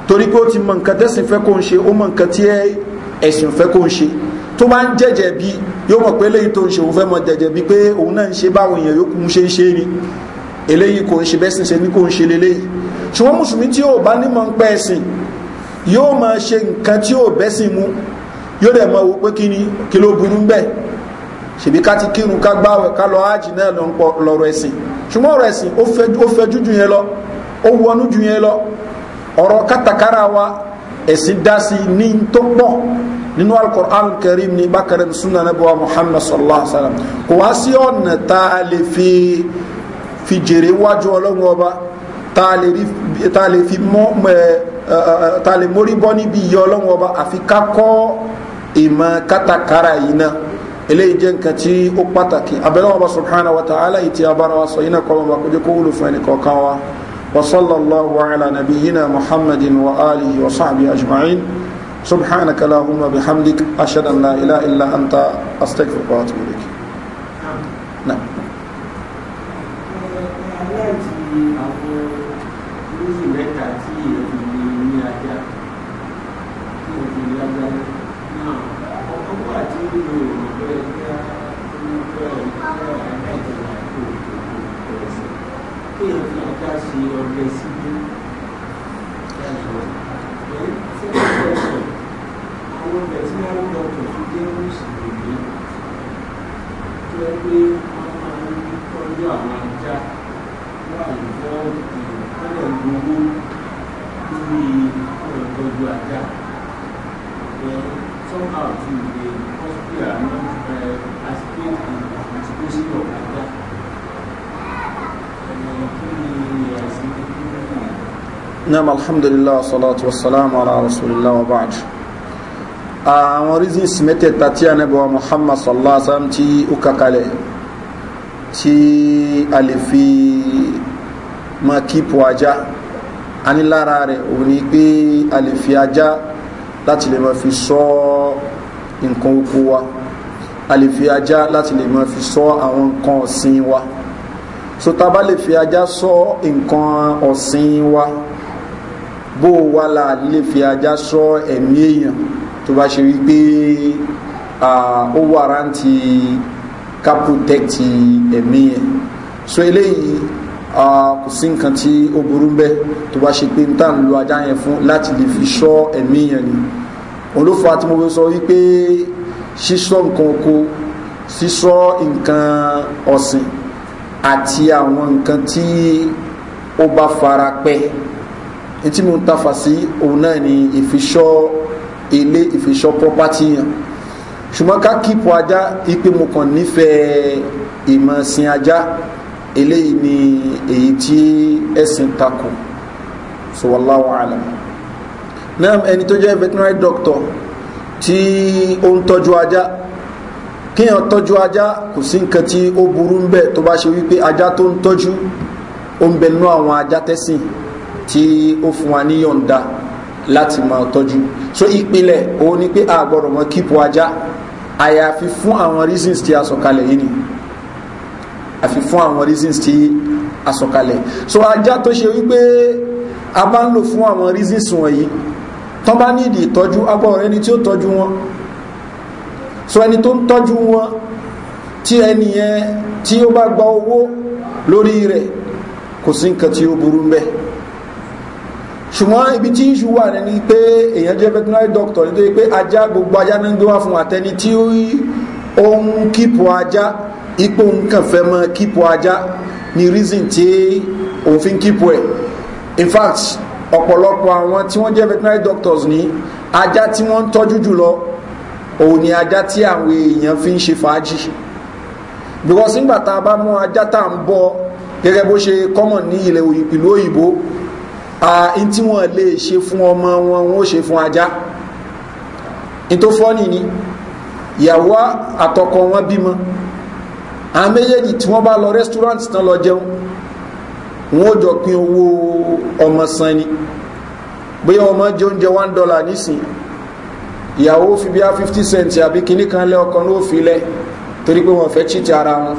torí pé ó ti mọ nǹkan tẹ́sìn fẹ́ kó ń ṣe ó mọ nǹkan tí ẹ̀sìn fẹ́ kó ń ṣe tó bá ń jẹ́jẹ́ bí yóò mọ̀ pé eléyìí tó ń ṣe òun fẹ́ mọ jẹ́jẹ́ bí pé òun náà ń ṣe báwọn èèyàn yókù ń ṣe ń ṣe ni eléyìí kò ń ṣe bẹ́sìn ṣe ní kò ń ṣe leléyìí ṣùgbọ́n mùsùlùmí tí yóò bá nímọ̀ ń pẹ́ ẹ̀sìn yóò máa ṣe nǹkan tí yóò bẹ́sìn mu yóò dẹ̀ máa wo pé kí ni kí ló burú bẹ́ẹ̀ ṣèbí ká ti kírun ká gbáwẹ̀ ká lọ ájì náà lọ́rọ̀ ẹ̀sìn ṣùgbọ́n ọ̀rọ̀ ẹ̀sìn ó fẹ́ jújù yẹn lọ ó wọnú jù yẹn lọ ọ̀rọ̀ kátàkárà wa ẹ̀sìn dá sí ní tó pọ̀ nínú alukur'an karim ní bákan náà sunna nabi wa muhammad sallallahu alaihi wa sallam kò wá sí ọ̀nà tá a lè fi fi jèrè wájú ọlọ́run ọba tá a lè fi mọ́ tá a lè mórí bọ́ níbi ìyá ọlọ́run ọba àfi ká kọ́ ìmọ̀ kátàkárà yìí náà eléyìí jẹ́ nǹkan tí ó pàtàkì abẹ́lẹ́wọ̀n ọba subhanahu wa ta'ala ìtì abára wa sọ yìí náà kọ́ ọmọ àkójọ kó wúlò fún ẹnì kọ̀ọ̀kan wa. وصلى الله على نبينا محمد وآله وصحبه أجمعين سبحانك اللهم بحمدك أشهد أن لا إله إلا أنت أستغفرك وأتوب إليك nam alhamdulilah salatu wasalam ala rasulillah wa baaj àwọn reasons mẹ́tẹ̀ẹ̀ta tí a nẹ́bọ̀ muhammad sallallahu alaihi wasallam tí ó kakalẹ̀ tí a lè fi ma kípo ajá a ní lára rẹ̀ òun ni pé a lè fi ajá láti lè ma fi sọ nǹkan oko wa a ajá láti lè ma fi sọ àwọn nǹkan ọ̀sìn wa so lè fi ajá sọ nǹkan ọ̀sìn wa. So, bó o wá la nílé fi ajá sọ ẹ̀mí èèyàn tó bá ṣe wípé ó wà rántí ká protect ẹ̀mí yẹn so eléyìí kò sí nǹkan tí ó burú bẹ́ẹ̀ tó bá ṣe pé n tá n lo ajá yẹn fún láti lè fi sọ ẹ̀mí yẹn ni olófa tí mo fi sọ wípé sísọ nǹkan oko sísọ nǹkan ọ̀sìn àti àwọn nǹkan tí ó bá fara pẹ́ etí mi ń tafa sí òun náà ni ìfiṣọ́ ilé ìfiṣọ́ property yẹn ṣùgbọ́n ká kíkọ ajá ipe mo kàn nífẹ̀ẹ́ ìmọ̀sìn ajá eléyìí ni èyí tí ẹ̀sìn takò so wallahu alam náà ẹni tó jẹ́ veterinary doctor tí ó ń tọ́jú ajá kíyàn tọ́jú ajá kò sí nǹkan tí ó burú ń bẹ̀ tó bá ṣe wípé ajá tó ń tọ́jú ó ń bẹ̀ nú àwọn ajá tẹ́sìn tí ó fún wa níyọ̀nda láti máa tọ́jú so ìpìlẹ̀ òun ni pé a gbọ́dọ̀ mọ kíkó ajá àyàfi fún àwọn reasons tí a sọ̀kalẹ̀ yìí ni àfi fún àwọn reasons tí a sọ̀kalẹ̀ so ajá tó ṣe wípé a bá ń lò fún àwọn reasons wọ̀nyí tán bá nídìí ìtọ́jú agbọ́dọ̀ ẹni tí ó tọ́jú wọn so ẹni tó ń tọ́jú wọn tí ẹni yẹn tí ó bá gba owó lórí rẹ̀ kò sí nǹkan tí ó burú mbẹ́ẹ̀ ṣùgbọ́n ibi tí ìṣù wà ní pé èyàn jẹ́ veterinary doctor nítorí pé ajá gbogbo ajá ní gbé wá fún àtẹni tí ó ń kípo ajá ipò nǹkan fẹ́ mọ́ kípo ajá ní reason tí òun fi ń kípo ẹ̀ in fact ọ̀pọ̀lọpọ̀ àwọn tí wọ́n jẹ́ veterinary doctors ní ajá tí wọ́n ń tọ́jú jùlọ òun ni ajá tí àwọn èèyàn fi ń ṣe fàájì because nígbà tá a bá mú ajá tá à ń bọ gẹ́gẹ́ bó ṣe common ní ilẹ̀ ìlú òyìnbó in tí wọ́n lè ṣe fún ọmọ wọn wọ́n ṣe fún ajá in tó ni ìyàwó àtọkọ wọn bímọ àwọn méjèèjì tí wọ́n bá lọ restaurant tán lọ jẹun wọ́n jọ pin owó ọmọ san ni bóyá ọmọ jẹ oúnjẹ one dollar nísìn ìyàwó fi bí fifty cents àbí kinní kan lé ọkọ ní òfin lẹ torí pé wọ́n fẹ́ chìtì ara wọn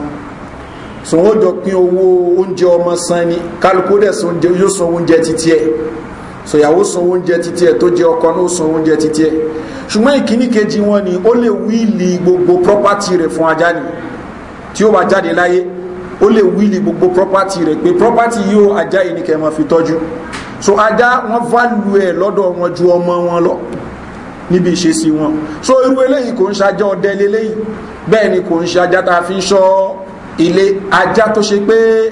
sòwò jọ pín owó oúnjẹ ọmọ san ni kálukú dẹ̀ yóò san oúnjẹ títí ẹ̀ sòyàwó san oúnjẹ títí ẹ̀ tó jẹ ọkọ náà san oúnjẹ títí ẹ̀ ṣùgbọ́n ìkíní kejì wọn ni ó lè wíìlì gbogbo property rẹ̀ fún ajá ni tí ó bá jáde láyé ó lè wíìlì gbogbo property rẹ̀ pé property yìí ó ajá yìí ni kẹ́ máa fi tọ́jú so ajá wọn value ẹ̀ lọ́dọ̀ wọn ju ọmọ wọn lọ níbi ìṣesí wọn so irú eléyìí kò ń ṣajá ọdẹ lélẹ́yìí bẹ́ẹ̀ ni kò ń ṣajá tá a fi ń ṣọ́ ilé ajá tó ṣe pé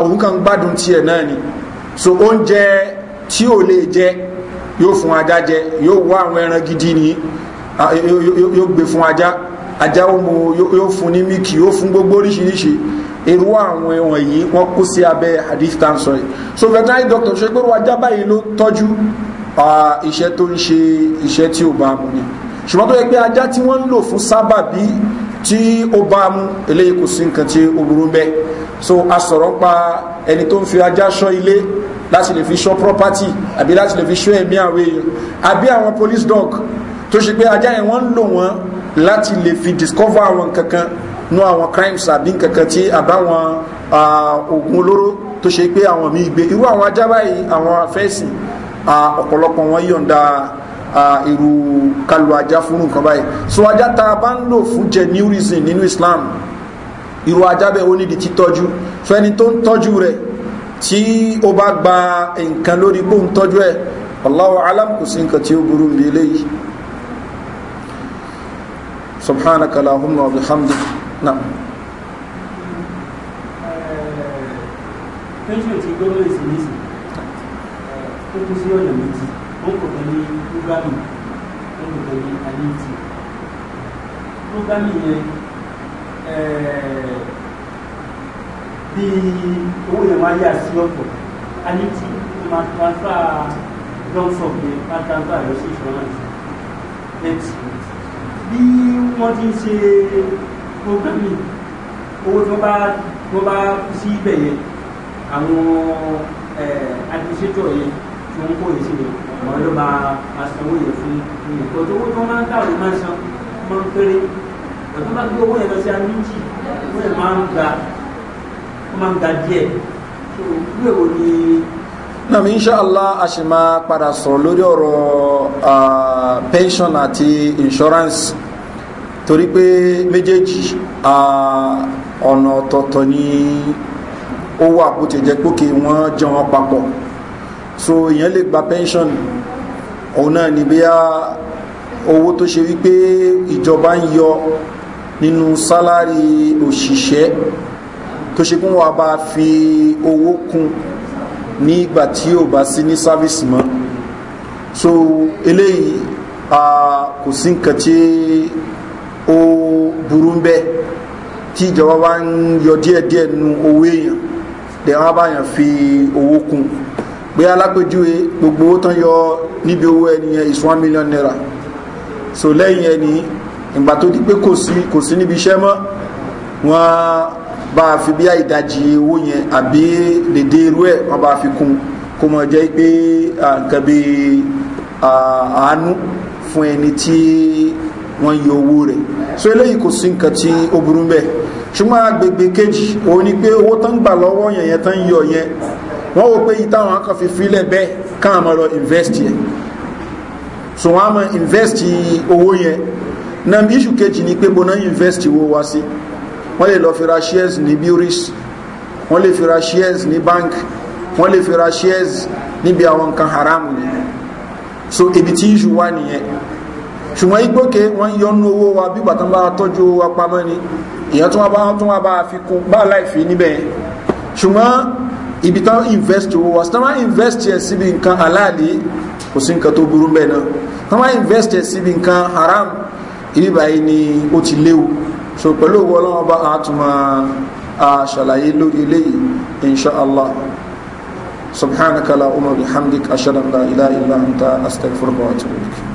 òun kan gbádùn tiẹ̀ náà ni so oúnjẹ tí ò lè jẹ yóò fún ajá jẹ yóò wá àwọn ẹran gidi ni yóò gbé fún ajá ajá ọmọ yóò fún ní mílìkì yóò fún gbogbo oríṣiríṣi irú àwọn ẹ̀wọ̀n yìí wọ́n kó sí abẹ́ hadith tan yìí so veterinary doctor ṣe pé wájá báyìí ló tọ́jú iṣẹ́ tó ń ṣe iṣẹ́ tí ò bá mu ni ṣùgbọ́n tó yẹ pé ajá tí wọ́n ń lò fún sábàbí tí ó bá mú eléyìí kò sí nǹkan tí ó burú bẹ́ẹ̀ so a sọ̀rọ̀ pa ẹni tó ń fi ajá ṣọ́ ilé láti lè fi ṣọ́ property àbí láti lè fi ṣọ́ ẹ̀mí àwọn èèyàn àbí àwọn police dog tó ṣe pé ajá yẹn wọ́n ń lò wọ́n láti lè fi discover àwọn kankan nú àwọn crimes àbí kankan tí àbáwọn oògùn olóró tó ṣe pé àwọn míì gbé irú àwọn ajá báyìí àwọn afẹ́sìn ọ̀pọ̀lọpọ̀ wọn yọ̀ǹda irú kalu ajá fún nǹkan báyìí so ajá tá a bá ń lò fún genuine reason nínú Islam irú ajá bẹ́ẹ̀ ó nídìí títọ́jú fẹ́ni tó ń tọ́jú rẹ̀ tí ó bá gba nǹkan lórí bó ń tọ́jú ẹ̀ Allahu alam kò sí nǹkan tí ó burú bí eléyìí subhanaka allahumma wa bihamdik naam Péjú ti gbọ́dọ̀ ìsinmi sí, ó kú sí ọ̀nà méjì kò tẹ̀lé programming wọ́n kò tẹ̀lé àyèjì programming yẹn eh, bí owó yẹn máa yà sí ọ̀pọ̀ àyèjì wọ́n máa transfer johnson yẹn máa transfer lọ sí insurance next bí wọ́n ti ń ṣe programming owó tí wọ́n bá wọ́n bá sí ibẹ̀ yẹn àwọn eh, administrator yẹn tí wọ́n ń kó yẹn sí yẹn àwọn ló máa máa sanwó yẹn fún yìí kòtò owó tó máa ń dà ló máa san máa ń péré ọ̀tún máa gbé owó yẹn lọ sí amíjì owó yẹn máa ń ga ó máa ń ga díẹ̀ tó ìwé wo ni. nàmí inṣàlá a sì máa padà sọ̀rọ̀ lórí ọ̀rọ̀ pension àti insurance torí pé méjèèjì ọ̀nà ọ̀tọ̀ọ̀tọ̀ ni owó àpótí jẹ́ pókè wọ́n jẹun papọ̀ so èèyàn lè gba pension òun náà ni bí a owó tó ṣe wípé ìjọba ń yọ nínú sálárì òṣìṣẹ́ tó ṣe kún wa bá fi owó kún ní ìgbà tí ò bá sí ní sáfíìsì mọ́ so eléyìí kò sí nǹkan tí ó burú ń bẹ́ẹ̀ tí ìjọba bá ń yọ díẹ̀díẹ̀ nu owó èèyàn lè wọ́n bá yàn fi owó kún un pé alápèjúwe gbogbo owó tán yọ níbi owó ẹniyẹn is one million naira so lẹ́yìn ẹni ìgbà tó di pé kò sí kò sí níbi iṣẹ́ mọ́ wọ́n bá a fi bí i ìdajì owó yẹn àbí dèdè irú ẹ̀ wọ́n bá a fi kún kó mọ̀ jẹ́ pé nǹkan bí àánú fún ẹni tí wọ́n yọ owó rẹ̀ so eléyìí kò sí nǹkan tí ó burú bẹ́ẹ̀ ṣùgbọ́n agbègbè kejì òun ni pé owó tán gbà lọ́wọ́ yẹn yẹn tán yọ yẹn wọ́n wò pé ìtàwọn kan fi filẹ̀ bẹ́ẹ̀ káwọn máa lọ invest yẹn so wọ́n á máa invest owó yẹn na bí iṣu kejì ni pé bọ́nà invest owó wá sí wọ́n lè lọ fi shares ní bureaus wọ́n lè fi shares ní bank wọ́n lè fi shares níbi àwọn nǹkan haramu ni so ibi tí iṣu wá nìyẹn ṣùgbọ́n igbóke wọ́n yọnu owó wa bí gbàtán bá tọ́jú owó wa pamọ́ ni ìyẹn tó wá bá tún wá bá fi kún bá láìfi níbẹ̀ ṣùgbọ́n ibi táwọn invest owó wa táwọn invest yẹn síbi nǹkan aláàlì kò sí nǹkan tó burú bẹ́ẹ̀ náà táwọn invest yẹn síbi nǹkan haram ibi báyìí ni ó ti léwu so pẹ̀lú owó ọlọ́wọ́n bá a tún máa ṣàlàyé lórí eléyìí inshallah subhanaka la umar bihamdik ashhadu an la ilaha illa anta astaghfiruka wa atubu